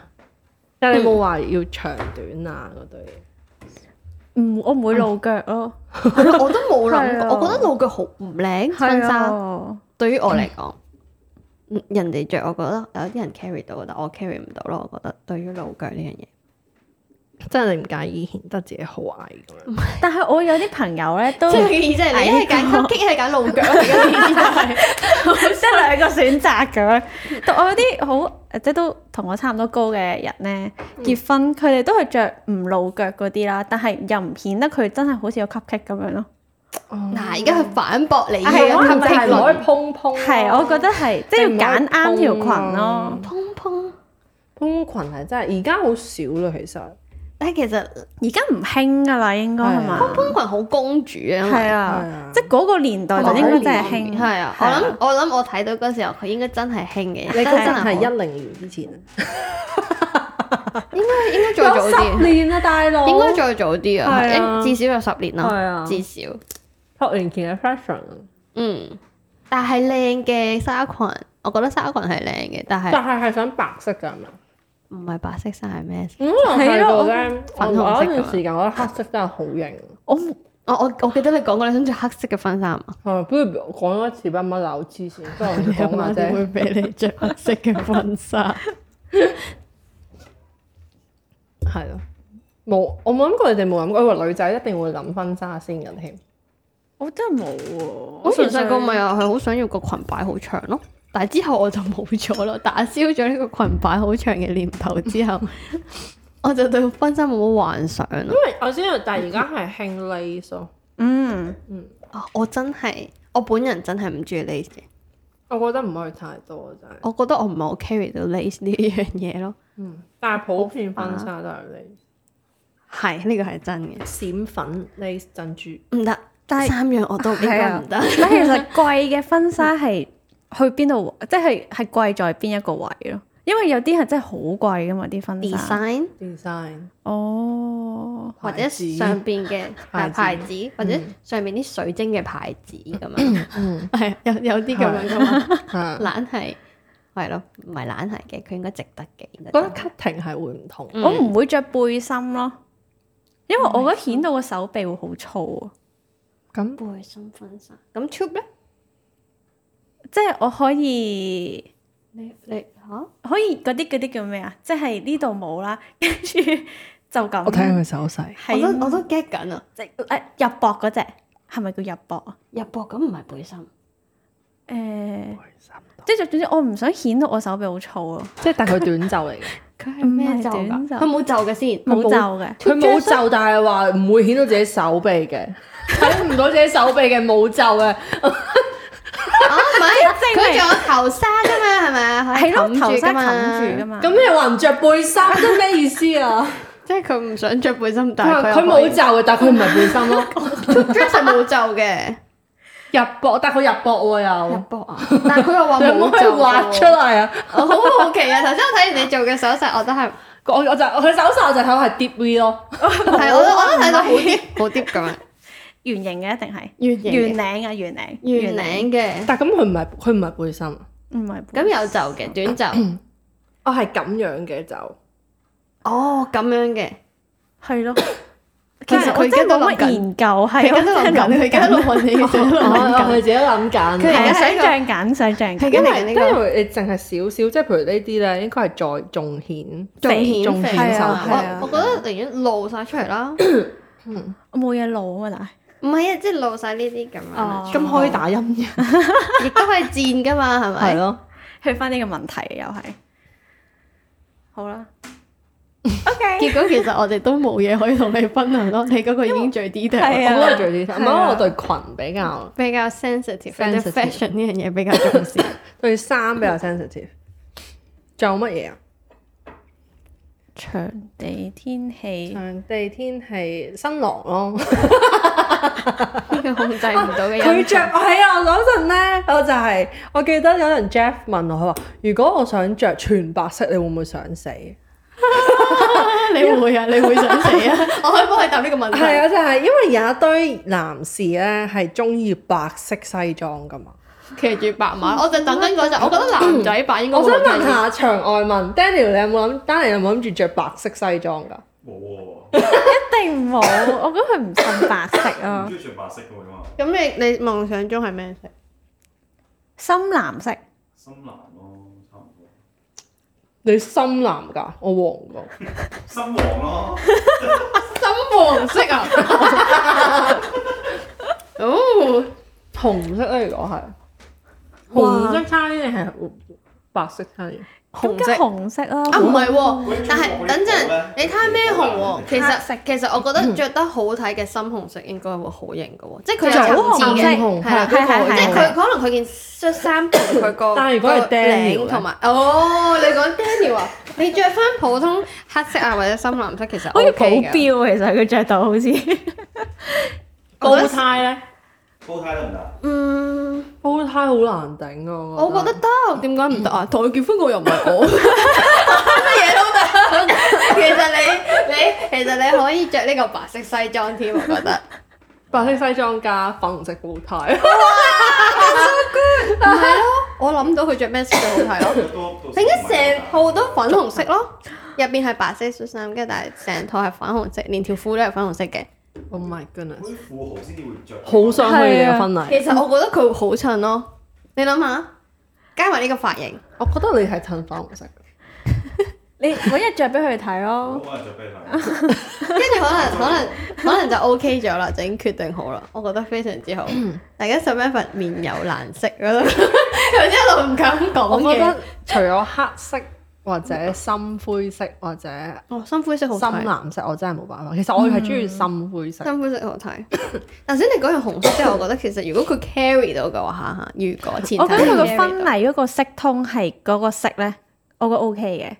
但係你冇話要長短啊？嗰對，嗯， (laughs) 我唔會露腳咯， (laughs) 我都冇諗過。 (laughs) 是哦、我覺得露腳好唔靚，襯是、哦、衫對於我嚟講， (laughs) 人哋着我覺得有啲人 carry 到，但我 carry 唔到咯。我覺得對於露腳呢樣嘢。真係你唔介意顯得自己好矮咁樣？但係我有啲朋友咧都即係即係嗱，一係揀 cupcake，一係揀露腳，即係兩個選擇咁。我有啲好即係都同我差唔多高嘅人咧結婚，佢哋都係着唔露腳嗰啲啦，但係又唔顯得佢真係好似有 cupcake 咁樣咯。嗱，而家佢反駁你係咪？cupcake 攞去碰碰。係我覺得係即係揀啱條裙咯，碰碰碰裙係真係而家好少啦，其實。但係其實而家唔興㗎喇，應該係嘛？蓬蓬裙好公主啊，係啊，即係嗰個年代就應該真係興。係啊，我諗我諗我睇到嗰時候佢應該真係興嘅。你嗰陣係一零年之前，應該應該再早啲。十年啊，大佬，應該再早啲啊，至少有十年咯，至少。十年前嘅 fashion 嗯，但係靚嘅紗裙，我覺得紗裙係靚嘅，但係但係係想白色㗎，係咪？唔係白色衫係咩色？係咯，我有一段時間覺得黑色真係好型。我我我記得你講過你想着黑色嘅婚紗。啊， (laughs) 不如講一次吧，乜留意先，都係講下啫。點 (laughs) 會俾你着黑色嘅婚紗？係咯，冇，我冇諗過你哋冇諗過，因為女仔一定會諗婚紗先嘅添。我真係冇喎，我前細個咪又係好想要個裙擺好長咯、啊。但係之後我就冇咗咯，打消咗呢個裙擺好長嘅念頭之後，我就對婚紗冇乜幻想啦。因為我知道，但係而家係興 lace 咯。嗯嗯，我真係我本人真係唔中意 lace 嘅。我覺得唔可以太多，真係。我覺得我唔係好 carry 到 lace 呢樣嘢咯。嗯，但係普遍婚紗都係 lace。係呢個係真嘅，閃粉 lace 珍珠唔得，但係三樣我都覺得唔得。其實貴嘅婚紗係。去邊度？即係係貴在邊一個位咯？因為有啲係真係好貴噶嘛啲婚紗，design design 哦，或者上邊嘅大牌子，或者上面啲水晶嘅牌子咁啊，嗯，係有有啲咁樣噶嘛，懶係係咯，唔係懶係嘅，佢應該值得嘅。覺得 cutting 係會唔同，我唔會着背心咯，因為我覺得顯到個手臂會好粗啊。咁背心婚紗咁 tube 咧？即係我可以，你你嚇可以嗰啲嗰啲叫咩啊？即係呢度冇啦，跟住就咁。我睇下佢手勢。是我都我都 get 緊啊！即係誒入膊嗰隻，係咪叫入膊啊？入膊咁唔係背心。誒、欸，即係總之我唔想顯到我手臂好粗啊！即係但係佢短袖嚟嘅，佢係咩袖㗎？佢冇袖嘅先，冇袖嘅。佢冇袖，但係話唔會顯到自己手臂嘅，睇唔到自己手臂嘅冇袖嘅。 (laughs) (laughs) 哦，唔係佢仲有頭紗噶嘛，係咪啊？係咯，頭紗冚住噶嘛。咁你話唔着背心，即咩意思啊？ (laughs) 即係佢唔想着背心，但係佢冇袖嘅，但係佢唔係背心咯，係冇袖嘅。入膊，但係佢入膊喎又。入膊啊？但係佢又話冇袖，畫 (laughs) 出嚟啊！我 (laughs) 好、 (laughs) 哦、好奇啊！頭先我睇完你做嘅手勢，我都係我我就是、我手勢我就睇係 deep V 咯，係 (laughs) (laughs) 我都我都睇到好 deep 好 deep 咁樣。圓形嘅一定係圓形圓領啊，圓領圓領嘅。但係咁佢唔係佢唔係背心，唔係咁有袖嘅短袖。哦係咁樣嘅就，哦咁樣嘅係咯。其實我真係冇乜研究，係我諗緊，我我我哋自己諗緊。佢係想象緊，想象緊。係咁嚟。都係你淨係少少，即係譬如呢啲咧，應該係再重顯、重顯、重顯手。我我覺得寧願露晒出嚟啦。我冇嘢露啊嘛，但係。唔係啊，即係露晒呢啲咁啊，咁可以打音，亦都 (laughs) 可以賤噶嘛，係咪 (laughs) 吧？係咯，去翻呢個問題又係，好啦，OK。結果其實我哋都冇嘢可以同你分享咯， (laughs) 我你嗰個已經最 detail，啊、我嗰個最 detail。唔係、啊、我對裙比較，比較 sensitive，對 sensitive, and the fashion 呢樣嘢比較重視， (laughs) 對衫比較 sensitive。仲有乜嘢啊？場地天氣，場地天氣，新郎咯，控制唔到嘅人，佢着。喺我嗰陣咧，我就係，我記得有人 Jeff 問我，佢話如果我想着全白色，你會唔會想死？ (laughs) (laughs) 你會啊，你會想死啊？ (laughs) (laughs) 我可以幫你答呢個問題。係啊，就係因為有一堆男士咧係中意白色西裝噶嘛。騎住白馬，嗯、我就等緊嗰陣。我覺得男仔白應該會。我想問下場外問 Daniel，你有冇諗？Daniel 有冇諗住着白色西裝㗎？冇喎。一定冇。我覺得佢唔襯白色啊。中意着白色㗎嘛？咁你你夢想中係咩色？深藍色。深藍咯，啊，差唔多。你深藍㗎？我黃㗎。深黃咯。 (laughs) 深黃色啊！ (laughs) (laughs) 哦，紅色咧，如果係。紅色衫定係白色衫？紅色紅色啦，啊唔係喎，但係等陣你睇咩紅喎？其實其實我覺得着得好睇嘅深紅色應該會好型嘅喎，即係佢就好似紅紅，係啊，即係佢可能佢件恤衫同佢個領同埋哦，你講 Daniel 啊，你着翻普通黑色啊或者深藍色其實 OK 嘅，好似保鏢其實佢着到好似，
煲呔
咧。煲胎得唔得？嗯，煲胎好難頂啊！我覺得得，點解唔得啊？同佢結婚個又唔係我乜嘢都得。其實你你其實你可以着呢個白色西裝添，我覺得白色西裝加粉紅色煲胎，咁好嘅。唔係咯，我諗到佢着咩色最好睇咯。整咗成套都粉紅色咯，入邊係白色恤衫，跟住但係成套係粉紅色，連條褲都係粉紅色嘅。Oh my goodness！富豪先至會著，好想去佢哋嘅婚禮。其實我覺得佢好襯咯，你諗下、啊，加埋呢個髮型，我覺得你係襯粉紅色。 (laughs) 你每一着俾佢睇咯，我一著俾佢睇，跟住 (laughs) (laughs) 可能 (laughs) 可能可能就 OK 咗啦，就已經決定好啦。我覺得非常之好，大家十一份面有難色？ (laughs) (coughs) 我一路唔敢講，我覺得除咗黑色。 (coughs) 或者深灰色，或者哦深灰色好深藍色，我真係冇辦法。其實我係中意深灰色，深灰色好睇。頭先你講完紅色之後，我覺得其實如果佢 carry 到嘅話，如果前我諗佢個婚禮嗰個色通係嗰個色咧，我覺 OK 嘅，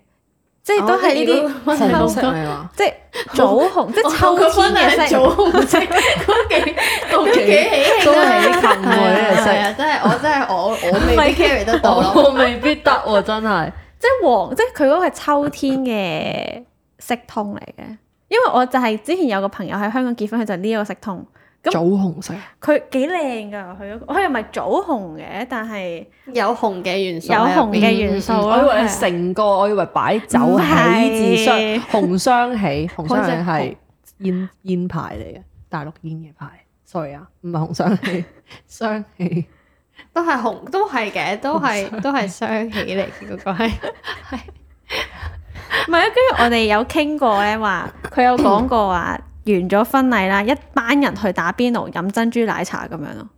即係都係呢啲神通色，即係棗紅，即係秋天嘅色，棗
紅色都幾喜慶啊。
係啊，真係我真係我我未 carry 得到，我未必得，真係。即係黃，即係佢嗰個係秋天嘅色通嚟嘅，因為我就係之前有個朋友喺香港結婚，佢就呢個色通，咁棗紅色。佢幾靚噶，佢佢又唔係棗紅嘅，但係有紅嘅元、元素，有紅嘅元素。我以為成個，我以為擺酒喜字雙紅雙喜，紅雙喜係煙煙牌嚟嘅，大陸煙嘅牌。sorry 啊，唔係紅雙喜，雙 (laughs) 喜。都係紅，都係嘅，都係都係雙喜嚟嘅嗰個係，係，唔係啊？跟住我哋有傾過咧，話佢有講過話，完咗婚禮啦，一班人去打邊爐飲珍珠奶茶咁樣咯，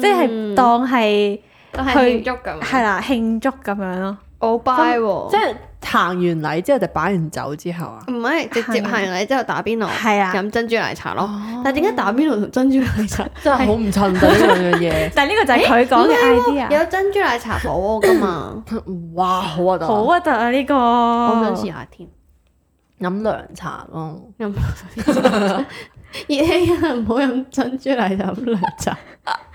即係當係當係慶祝咁，係啦慶祝咁樣咯，我 buy 即係。行完禮之後就擺完酒之後啊？唔係，直接行完禮之後打邊爐，飲的珍珠奶茶咯。哦、但點解打邊爐同珍珠奶茶 (laughs) 真係好唔襯到呢樣嘢？ (laughs) 但呢個就係佢講嘅 idea。有珍珠奶茶火鍋㗎嘛？哇！好核突，好核突啊！呢、呢個我想試下添。飲涼茶咯，飲熱氣唔好飲珍珠奶茶，飲涼茶。 (laughs)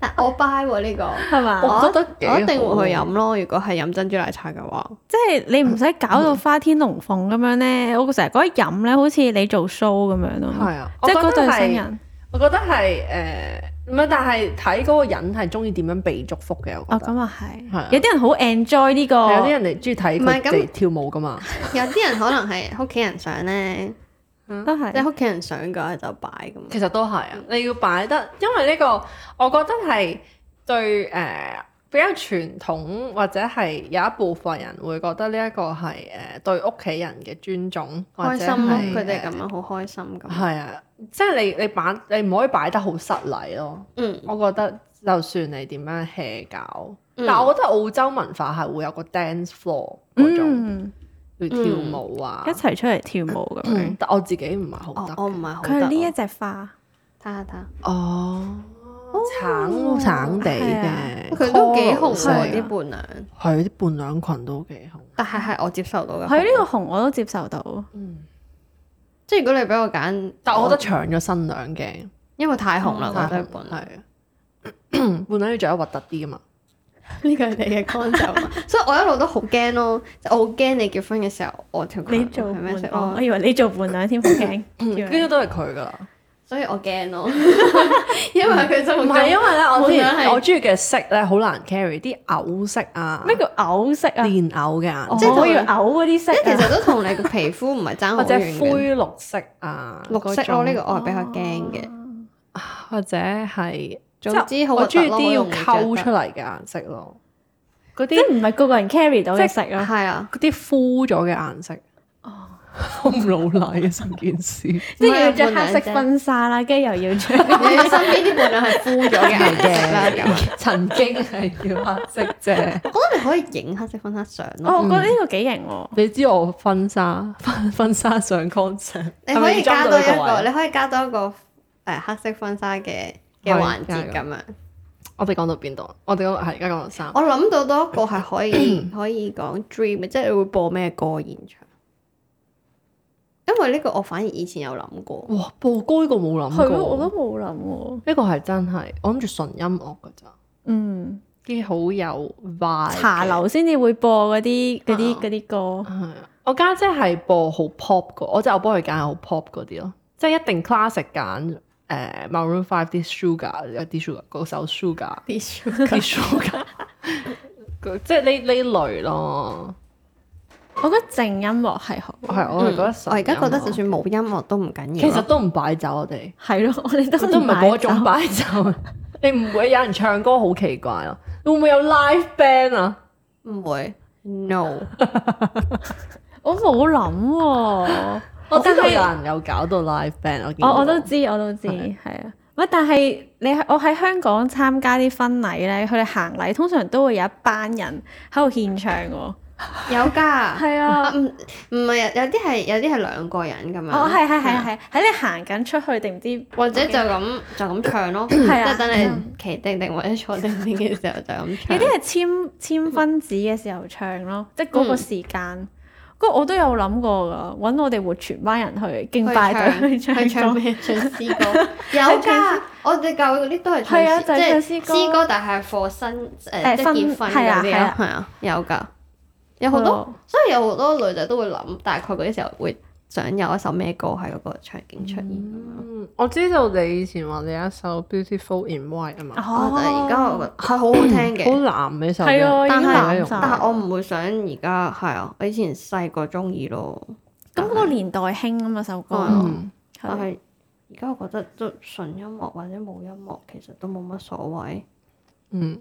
(laughs) 我 buy 喎呢個，係嘛吧？我覺得一定會去飲咯。如果係飲珍珠奶茶嘅話，即係你唔使搞到花天龍鳳咁樣咧。嗯、我成日覺得飲咧，好似你做 show 咁樣咯。係啊，即係嗰對新人，我、呃人，我覺得係誒，唔係。但係睇嗰個人係中意點樣被祝福嘅。咁啊係。係。有啲人好 enjoy 呢個，有啲人嚟中意睇佢哋跳舞噶嘛。有啲人可能係屋企人想咧。 (laughs) 都係，嗯、即係屋企人想嘅就擺咁。其實都係啊，你要擺得，因為呢個我覺得係對誒、呃、比較傳統，或者係有一部分人會覺得呢一個係誒對屋企人嘅尊重，開心佢哋咁樣好、呃、開心咁。係啊，即、就、係、係、你你擺你唔可以擺得好失禮咯。嗯，我覺得就算你點樣 hea 搞，嗯、但係我覺得澳洲文化係會有個 dance floor 嗰種。嗯去跳舞啊！一齊出嚟跳舞咁，但我自己唔係好得。我唔係好得。佢係呢一隻花，睇下睇下，哦，橙橙哋嘅，佢都幾紅喎。啲伴娘。係啲伴娘裙都幾紅，但係係我接受到嘅。佢呢個紅我都接受到。嗯，即係如果你俾我揀，但我覺得長咗新娘嘅，因為太紅啦，我覺得係伴娘要着得核突啲噶嘛。呢個係你嘅乾兆，所以我一路都好驚咯。我好驚你結婚嘅時候，我同你做咩識我？我以為你做伴娘添，好驚。應該都係佢噶啦。所以我驚咯，因為佢真唔係因為咧，我我中意嘅色咧好難 carry 啲藕色啊。咩叫藕色啊？蓮藕嘅，即係可以藕嗰啲色。即係其實都同你個皮膚唔係爭好遠嘅。或者灰綠色啊，綠色咯，呢個我係比較驚嘅，或者係。即係我中意啲要溝出嚟嘅顏色咯，嗰啲唔係個個人 carry 到，嘅色，即係係啊，嗰啲敷咗嘅顏色。哦，好老賴嘅成件事，即係要着黑色婚紗啦，跟住又要着，你身邊啲伴侶係敷咗嘅，嘅曾經係要黑色啫。我覺得你可以影黑色婚紗相咯，我覺得呢個幾型。你知我婚紗婚婚紗相 concept，你可以加多一個，你可以加多一個誒黑色婚紗嘅。
嘅環節
咁樣，係。我哋講到邊度？我哋講係而家講到三。我諗到多一個係可以係。可以講 dream，即係會播咩歌現場？因為呢個我反而以前有諗過。哇，播歌呢個冇諗過，係我都冇諗喎。呢個係真係我諗住純音樂噶咋。嗯，啲好有 vibe 茶樓先至會播嗰啲嗰啲嗰啲歌。係啊，我家姐係播好 pop 嘅，我即係我幫佢揀好 pop 嗰啲咯，即係一定 classic 揀。誒 Maroon Five 啲 sugar 有啲 sugar 嗰首 sugar 啲 s、 (music) 就是、s u 即係呢呢類咯。 (music) 哦、我覺得靜音樂係好， (laughs) 係我而家覺得就算冇音樂都唔緊要。其實都唔擺，、啊、擺酒，我哋係咯，我哋都都唔係嗰種擺酒。你唔會有人唱歌好奇怪咯？會唔 (music) (music) 會有 live band 啊？唔會 (music) ，no。 (music) 我冇諗喎。我真係難有搞到 live band，我我我都知我都知，係啊。唔但係你我喺香港參加啲婚禮咧，佢哋行禮通常都會有一班人喺度獻唱喎。有㗎，係啊，唔唔係有啲係有啲係兩個人咁樣。哦，係係係係，喺你行緊出去定唔知，或者就咁就咁唱咯，即係等你企定定或者坐定定嘅時候就咁唱。有啲係簽簽婚紙嘅時候唱咯，即係嗰個時間。不過我都有諗過㗎，揾我哋活全班人去敬拜隊去唱咩？唱詩歌有㗎，我哋教會嗰啲都係唱，係啊，即係詩歌，但係課新、誒新訓嗰啲啊，係啊，有㗎，有好多，所以有好多女仔都會諗，但係佢嗰啲時候會。想有一首咩歌喺嗰個場景出現，嗯嗯？我知道你以前話你有一首《Beautiful in White》哦啊嘛，但係而家我覺得係好好聽嘅，好男嘅一首歌。但係係啊，但係我唔會想而家係啊，我以前細個中意咯。咁嗰個年代興啊嘛首歌，嗯、但係而家我覺得都純音樂或者冇音樂其實都冇乜所謂。嗯，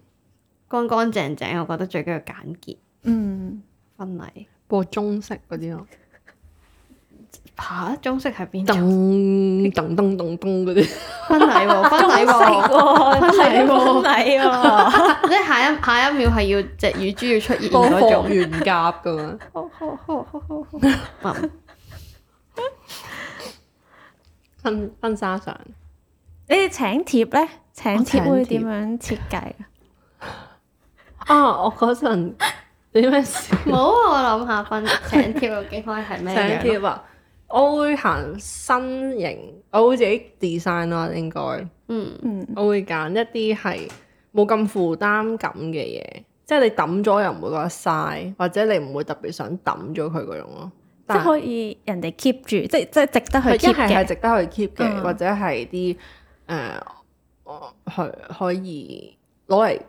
乾乾淨淨，我覺得最緊要簡潔。嗯，婚禮播中式嗰啲咯。嚇，中式係邊？噔噔噔噔噔嗰啲婚禮喎、哦，婚禮喎、哦，婚禮喎、哦，婚、啊、禮即、哦、係 (laughs) 禮、哦、 (laughs) 下一下一秒係要隻乳豬要出現嗰種原甲。多放鴨㗎嘛？好好好好好好。婚婚紗相，你哋請帖咧？請帖會點樣設計？哦，我嗰陣點樣？冇啊！我諗 (laughs) 下婚請帖嘅幾開係咩？請帖 (laughs) 啊！我會行新型，我會自己 design 咯，應該。嗯，嗯，我會揀一啲係冇咁負擔感嘅嘢，即係你抌咗又唔會覺得嘥，或者你唔會特別想抌咗佢嗰種咯。但係可以人哋 keep 住，即係即係值得去 keep 嘅。係值得去 keep 嘅，嗯、或者係啲誒，可可以攞嚟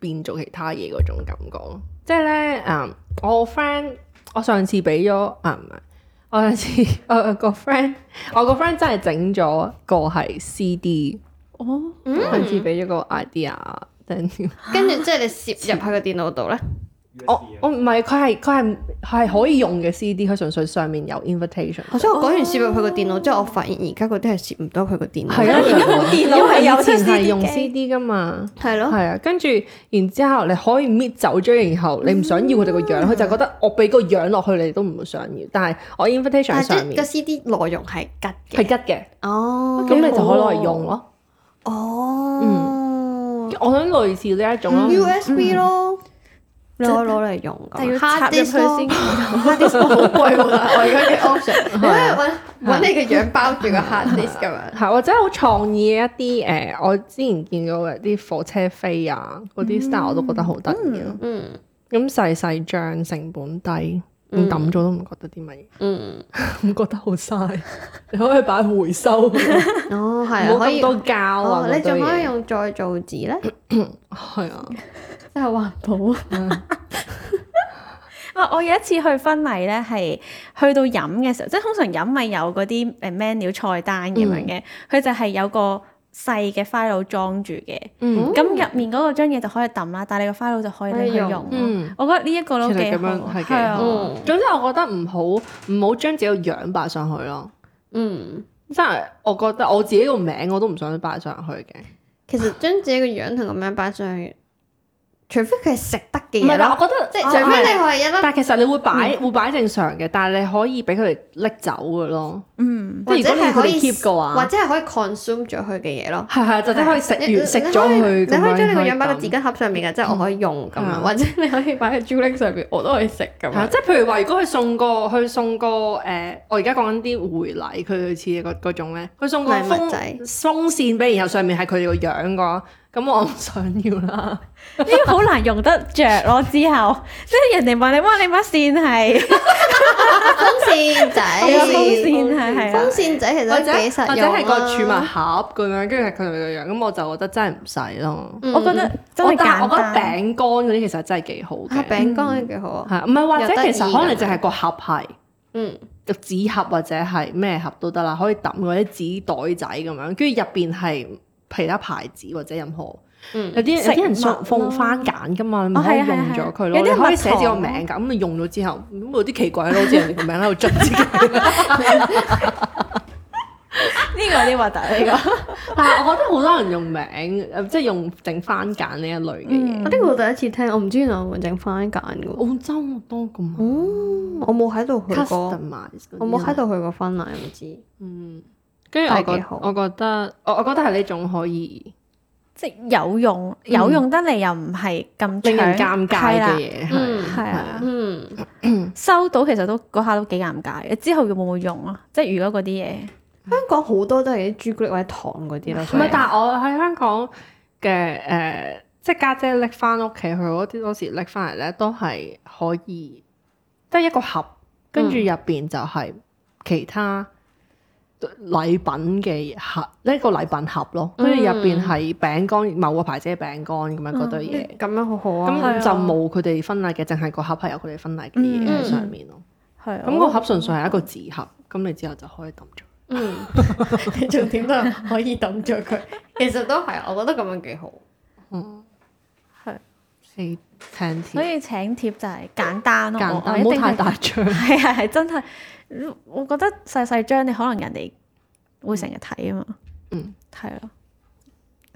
變做其他嘢嗰種感覺咯。即係咧，嗯、um，我 friend 我上次俾咗啊唔係。我有次，誒個 friend、哦、我個 friend 真係整咗個係 CD，我上次俾咗個 idea，跟住，跟住即係你攝入喺個電腦度咧。我我唔係佢係佢係佢係可以用嘅 C D，佢純粹上面有 invitation。所以我改完攝入佢個電腦之後，我發現而家嗰啲係攝唔到佢個電腦。係啊，而家冇電腦係用 C D 噶嘛？係咯。係啊，跟住然之後你可以搣走咗，然後你唔想要佢哋個樣，佢就覺得我俾個樣落去，你都唔會想要。但係我 invitation 上面。但個 C D 內容係吉嘅，係吉嘅。哦，咁你就可以攞嚟用咯。哦，我想類似呢一種 U S B 咯。攞攞嚟用噶但要 hard 啲佢先用，啲都好 (laughs) 貴喎、啊，我而家啲 option，我係揾揾你個樣包住個 hardness 咁樣，係或者好創意嘅一啲誒、呃，我之前見過嘅啲火車飛啊，嗰啲 style 我都覺得好得意咯，嗯，咁細細張，成本低，你抌咗都唔覺得啲乜嘢，嗯，唔 (laughs) 覺得好嘥， (laughs) 你可以擺回收， (laughs) 哦，係啊，好多膠啊，以你仲可以用再造紙咧，係咳咳啊。真係環保啊！ (laughs) (laughs) 我有一次去婚禮呢，係去到飲嘅時候，即係通常飲咪有嗰啲誒 menu 菜單咁樣嘅，佢、嗯、就係有個細嘅 file 裝住嘅。咁入、嗯嗯、面嗰個張嘢就可以抌啦，但係你個 file 就可以拎去用。嗯、我覺得呢一個都幾好，係啊。嗯、總之我覺得唔好唔好將自己個樣擺上去咯。嗯，即係我覺得我自己個名我都唔想擺上去嘅。其實將自己個樣同個名擺上去。除非佢係食得嘅嘢啦，我覺得即係除非你係一粒，但係其實你會擺會擺正常嘅，但係你可以俾佢哋拎走嘅咯。嗯，或者你可以 keep 嘅話，或者係可以 consume 咗佢嘅嘢咯。係，係，或者可以食完食咗佢，你可以將你個樣擺個紙巾盒上面嘅，即係我可以用咁樣，或者你可以擺喺朱古力上邊，我都可以食咁。係，即係譬如話，如果佢送個佢送個誒，我而家講緊啲回禮，佢類似個嗰種咩？佢送個風仔，風扇俾，然後上面係佢哋個樣個。咁我唔想要啦，呢啲好難用得着咯。之後，即係人哋問你，你，哇！你把線係風扇仔，風扇係，風扇仔、嗯、仔其實幾實用，或者係個儲物盒咁樣，跟住佢樣樣咁，我就覺得真係唔使咯。我覺得真係、嗯、簡單。我覺得餅乾嗰啲其實真係幾好嘅，餅乾幾好啊。唔係、嗯，或者其實可能淨係個盒係，嗯，個紙盒或者係咩盒都得啦，可以揼嗰啲紙袋仔咁樣，跟住入邊係。其他牌子或者任何有啲，有啲人放番梘噶嘛，你可以用咗佢咯，有啲可以寫住自己個名㗎。咁你用咗之後，咁有啲奇怪咯，好似人哋個名喺度捽。呢個有啲核突，呢個。但係我覺得好多人用名，即係用整番梘呢一類嘅嘢。呢個我第一次聽，我唔知原來整番梘嘅。澳洲多咁，我冇喺度去過，我冇喺度去過婚禮，唔知，嗯。跟住我覺得，我我覺得係呢種可以，即係有用，有用得嚟又唔係咁令人尷尬嘅嘢，係係啊，嗯，收到其實都嗰下都幾尷尬，之後有冇用啊？即係如果嗰啲嘢，嗯、香港好多都係啲朱古力或者糖嗰啲咯。唔係、嗯以，但係我喺香港嘅誒、呃，即係家姐拎翻屋企去，我啲時拎翻嚟咧都係可以，即係一個盒，跟住入邊就係其他、嗯。禮品嘅盒，呢個禮品盒咯，跟住入邊係餅乾，某個牌子嘅餅乾咁樣嗰堆嘢，咁樣好好啊，咁就冇佢哋婚禮嘅，淨係個盒係有佢哋婚禮嘅嘢喺上面咯，係，咁個盒純粹係一個紙盒，咁你之後就可以抌咗，你重點都可以抌咗佢，其實都係，我覺得咁樣幾好，係，所以請帖，所以請帖就係簡單咯，簡單，冇太大張，係係係真係。我覺得細細張你可能人哋會成日睇啊嘛，嗯，係咯，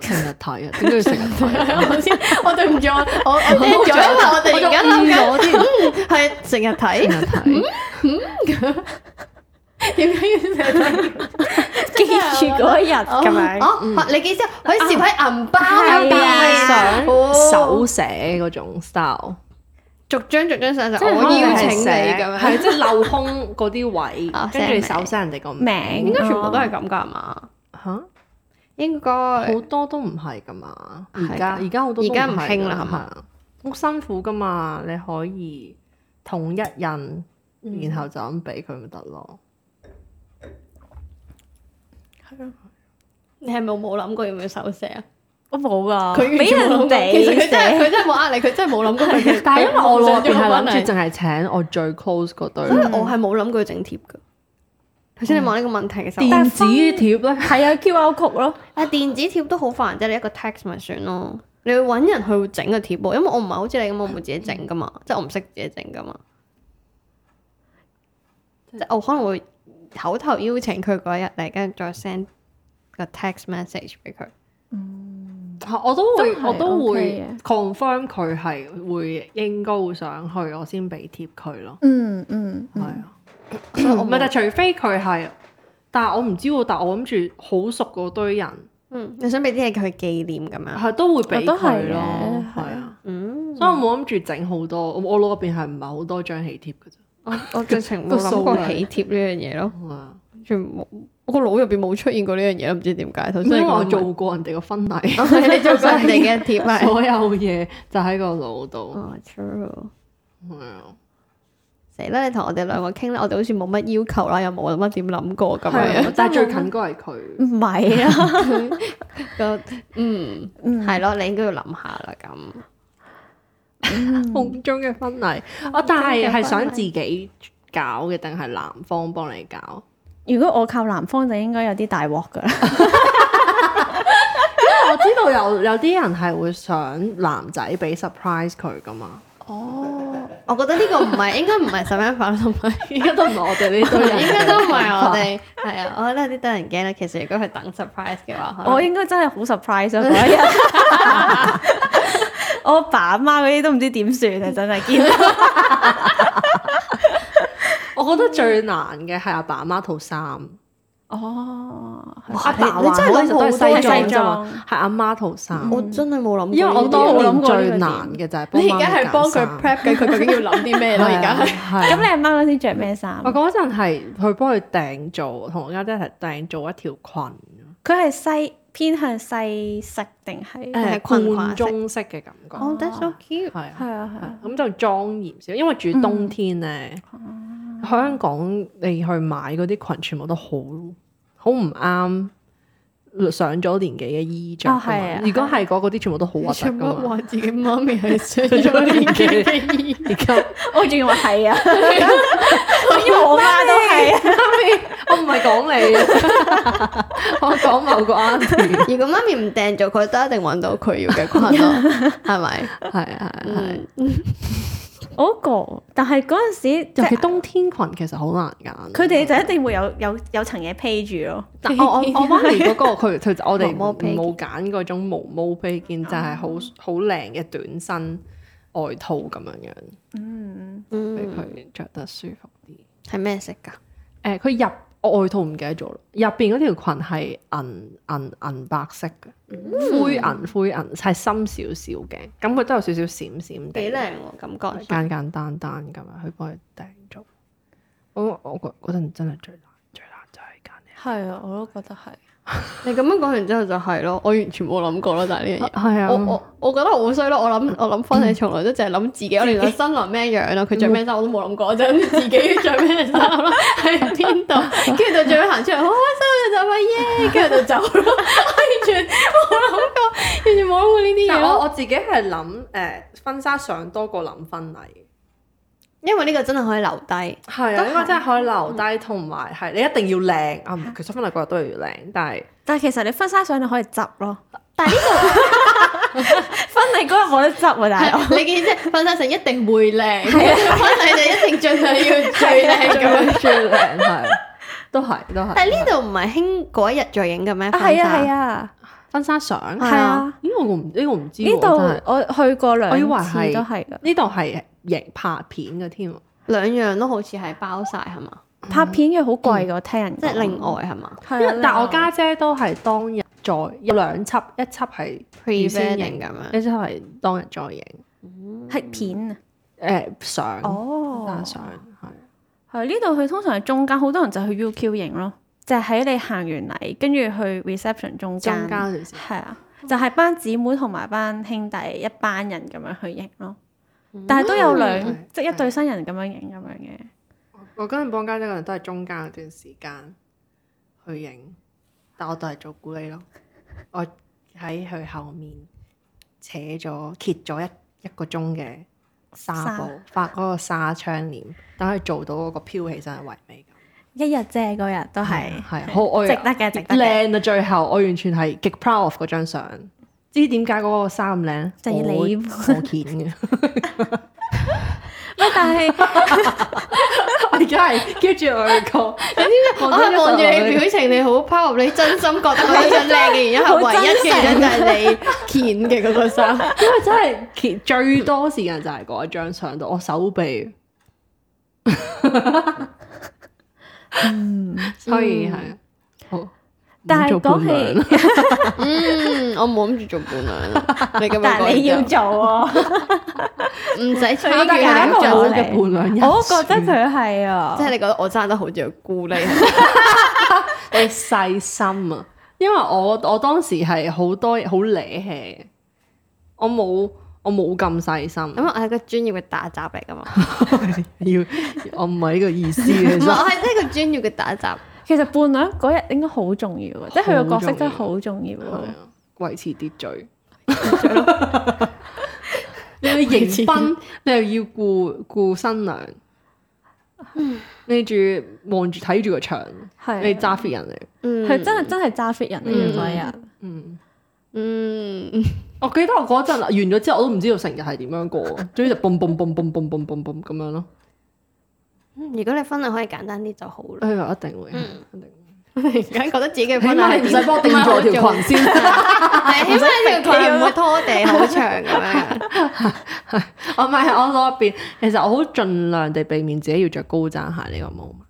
成日睇啊，點解要成日睇先？我對唔住我我聽咗啦，我哋而家諗咗添，係成日睇，成日睇，點解要成日睇？記住嗰日噉樣。哦，你記住可以攝喺銀包入邊，手寫嗰種 style。逐張逐張上就我邀請你咁樣，係即係漏空嗰啲位，跟住你 (laughs) 手寫人哋個名，原名應該全部都係咁噶係嘛？吓，應該好多都唔係噶嘛？而家而家好多而家唔興啦，係咪啊？好辛苦噶嘛，你可以統一印，然後就咁俾佢咪得咯。係、嗯呃、啊，你係咪冇諗過要唔要手寫啊？冇噶，俾人哋，其實佢真係佢真係冇呃你，佢真係冇諗過佢。但係因為我我係諗住淨係請我最 close 嗰對。我係冇諗過整貼噶。頭先你問呢個問題嘅時候，電子貼咧，係啊，QR code 咯。但係電子貼都好煩，即係你一個 text 咪算咯。你要揾人去整個貼啵？因為我唔係好似你咁，我唔會自己整噶嘛，即係我唔識自己整噶嘛。即係我可能會口頭邀請佢嗰日嚟，跟住再 send 個 text message 俾佢。我都會，我都會 confirm 佢係會應該會想去，我先俾貼佢咯。嗯嗯，係啊。唔係，但除非佢係，但係我唔知喎。但係我諗住好熟嗰堆人。 (noise) 嗯、你想俾啲嘢佢紀念咁樣？係都會俾都係咯，係、喔、啊。所以我冇諗住整好多。我腦入邊係唔係好多張喜帖嘅啫？ (laughs) 我直情冇諗過喜帖呢樣嘢咯，完全冇。 (noise) (noise) 我個腦入邊冇出現過呢樣嘢，都唔知點解。頭先我做過人哋個婚禮，你做過人哋嘅貼，所有嘢就喺個腦度。係、yeah, 嗯、啊，死啦！你同我哋兩個傾啦，我哋好似冇乜要求啦，又冇乜點諗過咁樣。但係最近嗰係佢，唔係啊。嗯，係咯，你應該要諗下啦。咁夢、嗯、 (laughs) 中嘅婚禮，我但係係想自己搞嘅，定係男方幫你搞？如果我靠男方就應該有啲大鑊㗎， (laughs) 因為我知道有有啲人係會想男仔俾 surprise 佢㗎嘛。哦，oh, 我覺得呢個唔係 (laughs) 應該唔係十萬粉，同埋 (laughs) 應該都唔係我哋，呢 (laughs) 對，應該都唔係我哋。係啊，我覺得有啲得人驚啦。其實如果佢等 surprise 嘅話，我應該真係好 surprise 啊嗰日。 (laughs) (laughs) 我爸媽嗰啲都唔知點算啊，真係見到。 (laughs) (laughs) (laughs) 我覺得最難嘅係阿爸阿媽套衫。哦，阿爸，你真係都係西裝嘛？係阿媽套衫，我真係冇諗。因為我當年最難嘅就係你而家係幫佢 prep 嘅，佢究竟要諗啲咩咧？而家咁你阿媽嗰時着咩衫？我嗰陣係去幫佢訂做，同我家姐一齊訂做一條裙。佢係西偏向西式定係誒，中式嘅感覺。Oh, that's so cute！係啊係啊，咁就莊嚴少，因為住冬天咧。香港，你去買嗰啲裙，全部都好好唔啱上咗年紀嘅衣着。係 (laughs) (laughs) 啊，如果係嗰，啲全部都好核突嘛。自己媽咪係上咗年紀嘅衣，我仲以為係啊。 (laughs) 我以為我媽都係媽咪，我唔係講你，我講某個阿姨。如果媽咪唔訂做，佢都一定揾到佢要嘅裙，係咪？ (laughs) 係係係。 (laughs) 我、嗰個，但係嗰陣時，就係冬天裙其實好難揀。佢哋就一定會有有有層嘢披住咯。 (laughs) 但係我我我媽咪嗰個佢佢就我哋冇揀嗰種毛毛披肩，嗯、就係好好靚嘅短身外套咁樣樣。嗯，俾佢著得舒服啲。係咩色噶？誒，佢入。外套唔記得咗，入邊嗰條裙係銀銀銀白色嘅、嗯，灰銀灰銀，係深少少嘅，咁佢都有少少閃閃。幾靚喎，感覺。簡簡單單咁樣去幫佢訂做。我我嗰嗰陣真係最難最難就係揀呢。係啊，我都覺得係。你咁樣講完之後就係咯，我完全冇諗過咯，但係呢樣嘢。係啊，啊我我，我覺得好衰咯。我諗我諗翻起，從來都淨係諗自己。 (coughs) 我連個新郎咩樣咯，佢着咩衫我都冇諗過，就諗 (laughs) 自己着咩衫啦，喺邊度。跟住就最後行出嚟，好開心就話耶，跟、yeah, 住就走咯。 (laughs) 我完全冇諗過，完全冇諗過呢啲嘢。但我，我自己係諗誒，婚紗想多過諗婚禮。因為呢個真係可以留低，係啊，真係可以留低，同埋係你一定要靚啊！其實婚禮嗰日都要靚，但係但係其實你婚紗相你可以執咯，但係呢度婚禮嗰日冇得執啊！但係你嘅意思，婚紗相一定會靚，婚禮就一定盡量要最靚咁樣最靚係，都係都係。但係呢度唔係興嗰一日再影嘅咩？係啊係，啊，婚紗相係啊，呢個我唔呢個唔知呢度我去過兩次都係呢度係。影拍片嘅添啊，兩樣都好似係包晒，係嘛？拍片嘅好貴嘅，聽人即係另外係嘛？但我家姐都係當日再有兩輯，一輯係 pre 先影咁樣，一輯係當日再影，係片啊誒相哦，相係係呢度佢通常係中間，好多人就去 UQ 影咯，就喺你行完禮，跟住去 reception 中間，係啊，就係班姊妹同埋班兄弟一班人咁樣去影咯。嗯、但係都有兩，對即一對新人咁樣影咁樣嘅。我今日幫加呢個人都係中間嗰段時間去影，但我都係做咕哩咯。我喺佢後面扯咗、揭咗一一個鐘嘅紗布，沙發嗰個紗窗簾，等佢做到嗰個飄起身係唯美嘅。一日啫，嗰日都係係，好愛、啊、 (laughs) 值得嘅，值得靚到最後，我完全係極 proud of 嗰張相。知點解嗰個衫靚就係你 (laughs) 但是 (laughs) problems 我鉗嘅，乜？但係我而家係跟住我嚟講，總之我望住你表情，你好 power，你真心覺得嗰張靚嘅原因係唯一原因就係你鉗嘅嗰個衫，因為真係最多時間就係嗰一張相度，我手臂， (laughs) 嗯，所以係好。但係當伴娘， (laughs) 嗯，我冇諗住做伴娘，你但你要做，啊？唔使推介我做嘅伴娘，我覺得佢係啊，即係你覺得我真得好似孤 (laughs) (laughs) (laughs) 你。你細心啊，因為我我當時係好多好理氣，我冇我冇咁細心，因為係個專業嘅打雜嚟噶嘛，要我唔係呢個意思嘅，我係真係個專業嘅打雜。其實伴娘嗰日應該好重要嘅，即係佢個角色真係好重要，維持秩序， (laughs) (laughs) 你去迎賓，你又要顧顧新娘，你住望住睇住個場，你揸 fit 人嚟。嗯，係真係真係揸 fit 人嚟嘅嗰日。嗯嗯，我記得我嗰陣完咗之後，我都唔知道成日係點樣過，總之就 boom boom boom boom boom boom 咁樣咯。如果你婚禮可以簡單啲就好啦。誒、哎，一定會，嗯、一定會。咁覺得自己起碼唔使幫我定做條裙先、啊，起碼條裙唔會拖地好長咁樣、啊。 (laughs) 我唔係，我我入邊其實我好盡量地避免自己要著高踭鞋呢個 moment。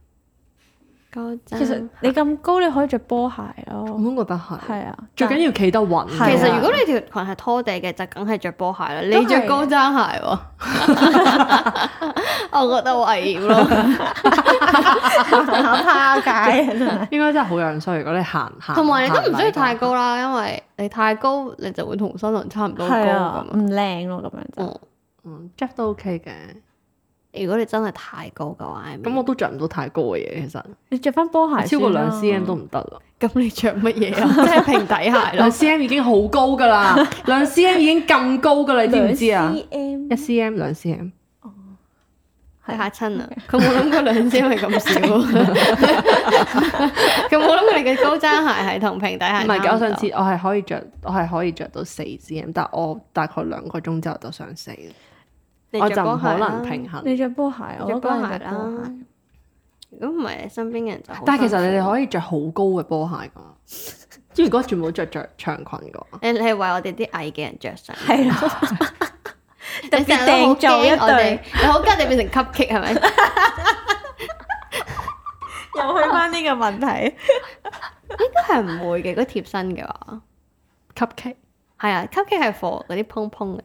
其實你咁高你可以着波鞋咯，我都覺得係。係啊， (laughs) 最緊要企得穩。其實如果你條裙係拖地嘅，就梗係着波鞋啦。你着高踭鞋，是鞋啊、 (laughs) (laughs) 我覺得好危險咯，好怕解啊！ (laughs) 解 (laughs) 真應該真係好樣衰。如果你行行，同埋你都唔需要太高啦，因為你太高，你就會同新娘差唔多高咁，唔靚咯咁樣就好、嗯，嗯，Jack 都 OK 嘅。如果你真係太高嘅話，咁我都着唔到太高嘅嘢。其實你着翻波鞋超過兩 cm、嗯、都唔得啦。咁你着乜嘢啊？即係平底鞋兩 cm 已經好高噶啦，兩 cm 已經咁高噶啦，你知唔知啊？兩 cm 一 cm 兩 cm 哦，係嚇親啊！佢冇諗過兩 cm 係咁少，佢冇諗過你嘅高踭鞋係同平底鞋唔係嘅。我上次我係可以着我係可以著到四 cm，但係我大概兩個鐘之後就想死。我就唔可能平衡你着波鞋，我都係啦，啦。如果唔係，身邊嘅人就好。但係其實你哋可以着好高嘅波鞋噶，即如果全部着着長裙噶。誒， (laughs) 你係為我哋啲矮嘅人着想係咯，特別定做一對，好 (laughs) 加你變成 cupcake 係咪？又 (laughs) 去翻呢個問題， (laughs) (laughs) 應該係唔會嘅，嗰貼身嘅話，cupcake 係啊，cupcake 係 for 嗰啲蓬蓬嘅。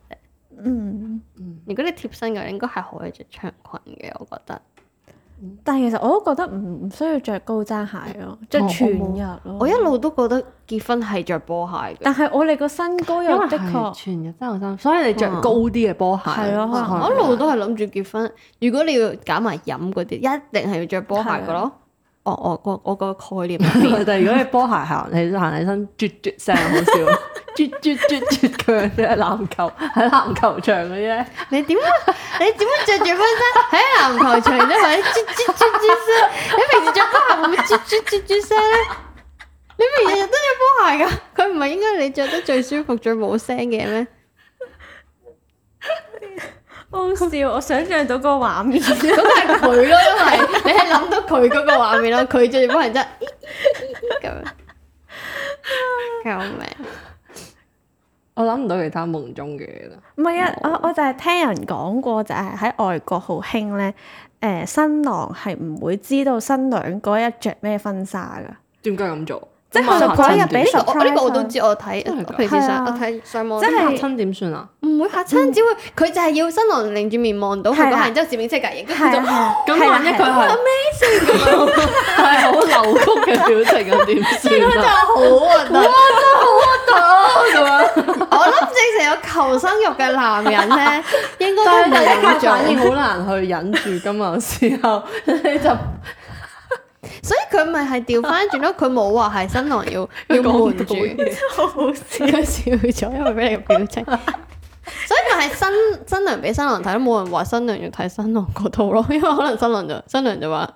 嗯，如果你貼身嘅應該係可以着長裙嘅，我覺得。但係其實我都覺得唔需要着高踭鞋咯，著全日咯，哦。我，我一路都覺得結婚係着波鞋嘅。但係我哋個身高又的確全日真係生，所以你着高啲嘅波鞋。係咯，啊， (laughs) 嗯、我一路都係諗住結婚。如果你要搞埋飲嗰啲，一定係要着波鞋嘅咯，嗯嗯哦。我我個我，我，我，我，我，我個概念，但係如果你波鞋行，你行起身絕絕聲好笑。 (laughs) (laughs) 絕絕絕絕強嘅籃球喺籃球場嘅啫，你點？你點樣着住踭身？喺籃球場啫？話你絕絕絕絕聲，你平時着波鞋會絕絕絕絕聲咧？你咪日日都要波鞋噶？佢唔係應該你着得最舒服最冇聲嘅咩？好笑，我想象到嗰個畫面，咁係佢咯，因為你係諗到佢嗰個畫面咯，佢着住波鞋真咁樣，救命。我諗唔到其他夢中嘅嘢啦。唔係啊，我我就係聽人講過，就係、是、喺外國好興咧，誒、呃、新郎係唔會知道新娘嗰日着咩婚紗噶。點解咁做？即係佢嗰日俾呢個，呢個我都知。我睇，我平我睇上網啲嚇親點算啊？唔會嚇親，只會佢就係要新郎擰住面望到佢嗰下，然之後前面即係隔應，跟住咁。萬一句係 amazing 咁，係好扭曲嘅表情，咁點算啊？真係好核突，真係好核突。我諗正常有求生欲嘅男人咧，應該都唔會反應好難去忍住咁啊時候，你就。所以佢咪係調返轉咯，佢冇話係新郎要要瞞住，真好好笑，笑，笑咗，因為俾你個表情。 (laughs) 所以佢係新新娘俾新郎睇，都冇人話新娘要睇新郎嗰套咯，因為可能新郎就新娘就話，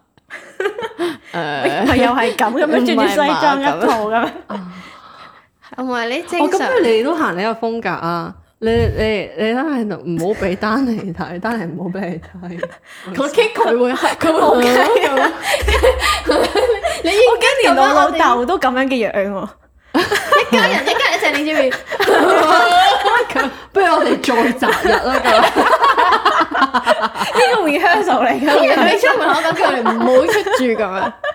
誒、 (laughs) 呃、 (laughs) 又係咁咁樣着住西裝一套咁，同埋、 (laughs) 啊、 (laughs) 你正常，哦、你都行呢個風格啊。你你你都係唔好俾單你睇，單係唔好俾你睇。佢驚佢會佢會好驚咁。 (laughs) 我驚連 (laughs) 我老豆都咁樣嘅樣喎。一家人一家人一齊，你知唔知？不如我哋再擇日啦咁。呢個 rehearsal 嚟嘅，你 (laughs) 出門口講叫你唔好出住咁樣。 (laughs)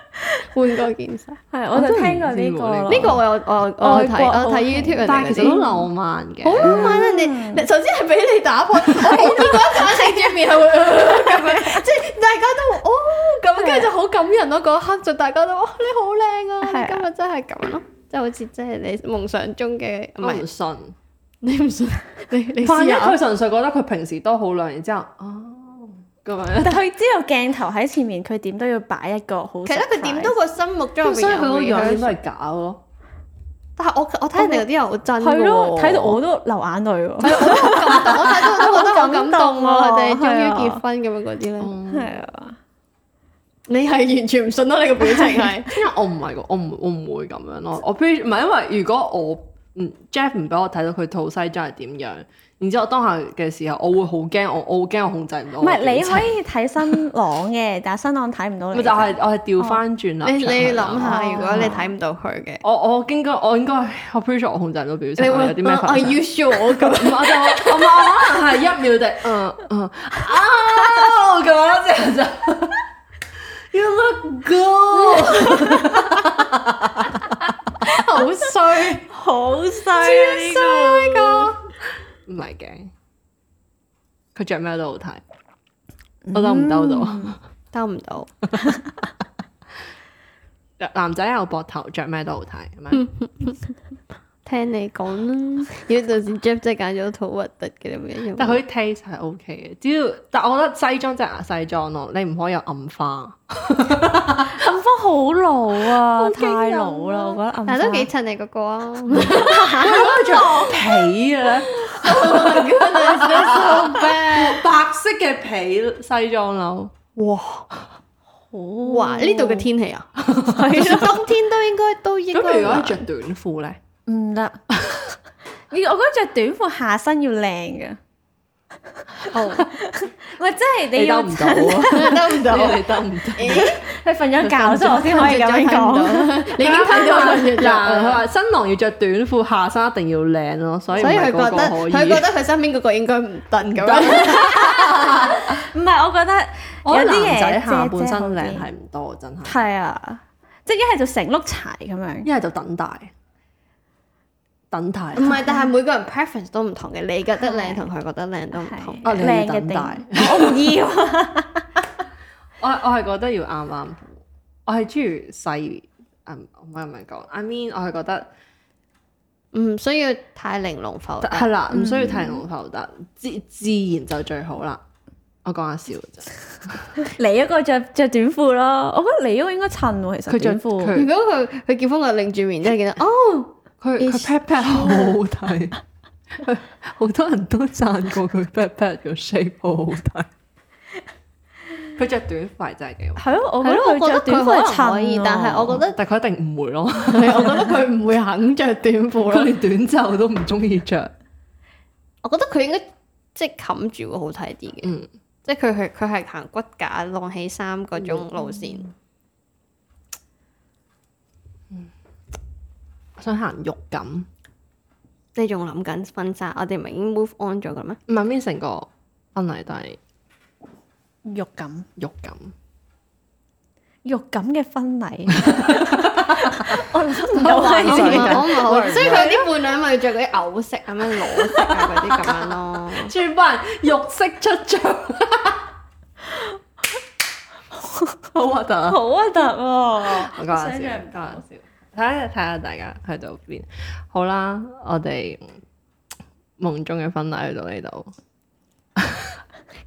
換個件衫，係我就聽過呢個呢個，我有，我我睇，我睇 YouTube，但其實好浪漫嘅，好浪漫啊！你首先係俾你打破，我點解打成正面係會咁樣？即係大家都哦咁，跟住就好感人咯！嗰刻就大家都哇你好靚啊！你今日真係咁咯，即係好似即係你夢想中嘅。唔信你唔信你？你。萬一佢純粹覺得佢平時都好靚，然之後啊。但佢知道鏡頭喺前面，佢點都要擺一個好。其實佢點都個心目中入邊有，所以佢個樣都係假咯。但係我我睇人哋啲人好真，係咯，睇到我都流眼淚。我睇到我都覺得好感動啊，佢哋終於結婚咁樣嗰啲咧，係啊。你係完全唔信咯？你個表情係，因為我唔係我唔我唔會咁樣咯。我不唔係，因為如果我嗯 Jeff 唔俾我睇到佢套西裝係點樣。然之後當下嘅時候，我會好驚，我我好驚，我控制唔到。唔係你可以睇新郎嘅，但係新郎睇唔到。咁就係我係調翻轉啦。你你諗下，如果你睇唔到佢嘅，我我應該我應該我 r e 我控制唔到表情，有啲咩反應？I a s s u r 我咁，我就我可能係一秒的。嗯嗯啊咁樣就。You look good，好衰，好衰，衰個。唔係嘅，佢着咩都好睇，我兜唔兜到，嗯、兜唔到。 (laughs) (laughs) 男仔有膊頭，着咩都好睇，係咪？ (laughs) 聽你講，而家到 Justin 即係揀咗套核突嘅，但佢 taste 係 O K 嘅。只要，但我覺得西裝真係西裝咯，你唔可以有暗花，暗花好老啊，啊太老啦，我覺得暗。但都幾襯你嗰個啊，西裝 (laughs) (laughs) 皮啊， (laughs) 白色嘅皮西裝褸，哇，好、哦，哇，呢度嘅天氣啊，其實 (laughs) 了冬天都應該都應該。如果着短褲咧？唔得，我覺得着短褲下身要靚㗎。喂，即係你得唔到？得唔到？你得唔到？瞓咗覺，我先可以咁講。你已經瞓咗瞓完覺。佢話新郎要着短褲，下身一定要靚咯，所以所以佢覺得佢覺得佢身邊嗰個應該唔得咁。唔係，我覺得有啲嘢下半身靚係唔多，真係。係啊，即係一係就成碌柴咁樣，一係就等大。等，唔係，嗯、但係每個人 preference 都唔同嘅。你覺得靚同佢覺得靚都唔同。靚嘅大，我唔要 (laughs) 我。我我係覺得要啱啱。我係中意細。嗯，唔好咁講。I mean，我係覺得唔需要太玲瓏浮凸，係啦，唔需要太玲瓏浮凸，嗯、自自然就最好啦。我講下笑啫。你 (laughs) 嗰 (laughs) 個着短褲咯，我覺得你嗰個應該襯喎，其實。佢短褲。如果佢佢結婚嘅擰住面，真係見，見到 (laughs) 哦。佢佢 pat pat 好好睇，好 (laughs) 多人都讚過佢 pat pat 嘅 shape 好 (laughs) 好睇。佢着短褲真係幾，係咯，我覺得短褲可能可以，但係我覺得，但佢一定唔會咯。 (laughs) 我覺得佢唔會肯着短褲咯， (laughs) 連短袖都唔中意着。 (laughs) 我覺得佢應該即係冚住會好睇啲嘅，嗯、即係佢係佢係行骨架浪起三個種路線。嗯想行肉感，你仲諗緊婚紗？我哋唔係已經 move on 咗嘅咩？唔係變成個婚禮都係肉感，肉感，肉感嘅婚禮。 (laughs) 我唔係好，所以佢啲伴娘咪着嗰啲藕色、咁樣裸色啊嗰啲咁樣咯。全班人肉色出鏡， (laughs) 好核突，好核突喎！好、啊、 (laughs) 搞笑，好 (laughs) 搞笑。睇下睇下，大家去到邊？好啦，我哋夢中嘅婚禮去到呢度。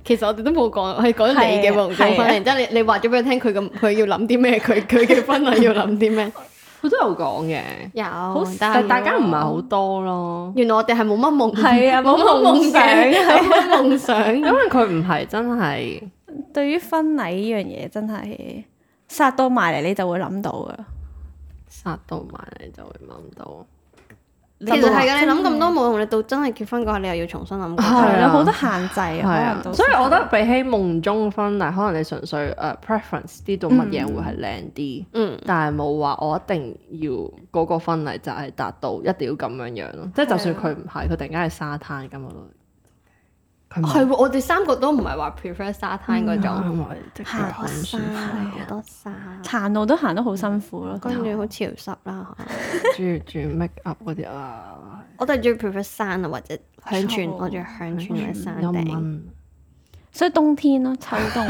其實我哋都冇講，係講你嘅夢中婚禮。然之後你你話咗俾佢聽，佢咁佢要諗啲咩？佢佢嘅婚禮要諗啲咩？佢都有講嘅，有，但係大家唔係好多咯。原來我哋係冇乜夢，係啊，冇乜夢想，冇乜夢想。因為佢唔係真係對於婚禮呢樣嘢，真係殺到埋嚟，你就會諗到噶。達到埋，你就會諗到，
其實係嘅。嗯、你諗咁多
冇用。你到真係結婚嗰下，你又要重新諗。係啊、嗯，好對多限制啊，啊所以我覺得比起夢中婚禮，可能你純粹誒、uh, preference 啲做乜嘢會係靚啲。嗯、但係冇話我一定要嗰個婚禮就係達到一定要咁樣樣咯。即係、嗯、就，就算佢唔係，佢、啊、突然間係沙灘咁樣咯。係我哋三個都唔係話 prefer 沙灘嗰種，行學好多沙，行路都行得好辛苦咯，跟住好潮濕啦，仲要仲要 make up 嗰啲啊，我都係鍾意 prefer 山啊，或者鄉村，我最鄉村嘅山頂。所以冬天咯，秋冬，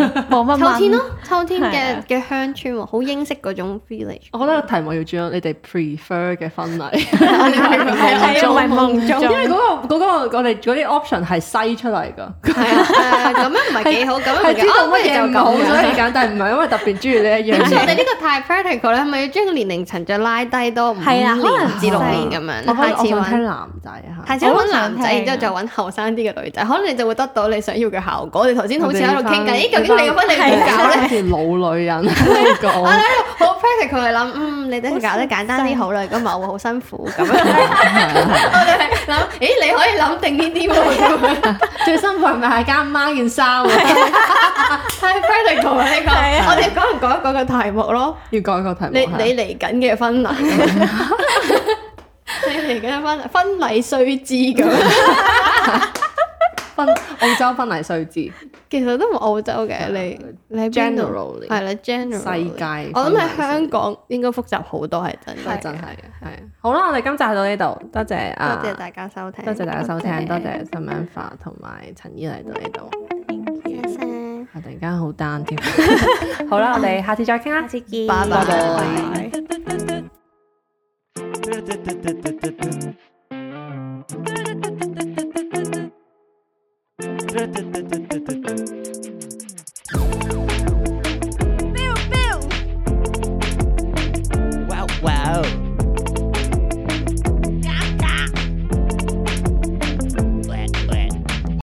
秋天咯，秋天嘅嘅鄉村好英式嗰種 feeling。我覺得個題目要轉，你哋 prefer 嘅婚禮，夢中，因為嗰個嗰個我哋嗰啲 option 係篩出嚟㗎。係啊，咁樣唔係幾好，咁樣就知做乜嘢唔但係唔係，因為特別中意呢一樣。所以我哋呢個太 practical 咧，係咪要將個年齡層再拉低多五年至六年咁樣？下次揾男仔啊，下次揾男仔，然之後再揾後生啲嘅女仔，可能你就會得到你想要嘅效果。頭先好似喺度傾緊，咦？究竟你個婚禮點搞咧？老女人，我喺度好 practical，諗嗯，你哋搞得簡單啲好啦，今日我會好辛苦咁樣。我哋諗，誒，你可以諗定呢啲喎。最辛苦係咪加掹件衫？太 practical 呢個。我哋講唔講一講個題目咯？要講個題目。你你嚟緊嘅婚禮，你嚟緊婚禮，婚禮須知咁。澳洲婚禮須知，其實都唔係澳洲嘅，你你邊度？係啦，general 世界，我諗喺香港應該複雜好多，係真，真係嘅。係好啦，我哋今集到呢度，多謝多謝大家收聽，多謝大家收聽，多謝 Samantha 同埋陳依嚟到呢度。Thank you，多謝。我突然間好 down 添。好啦，我哋下次再傾啦，拜拜。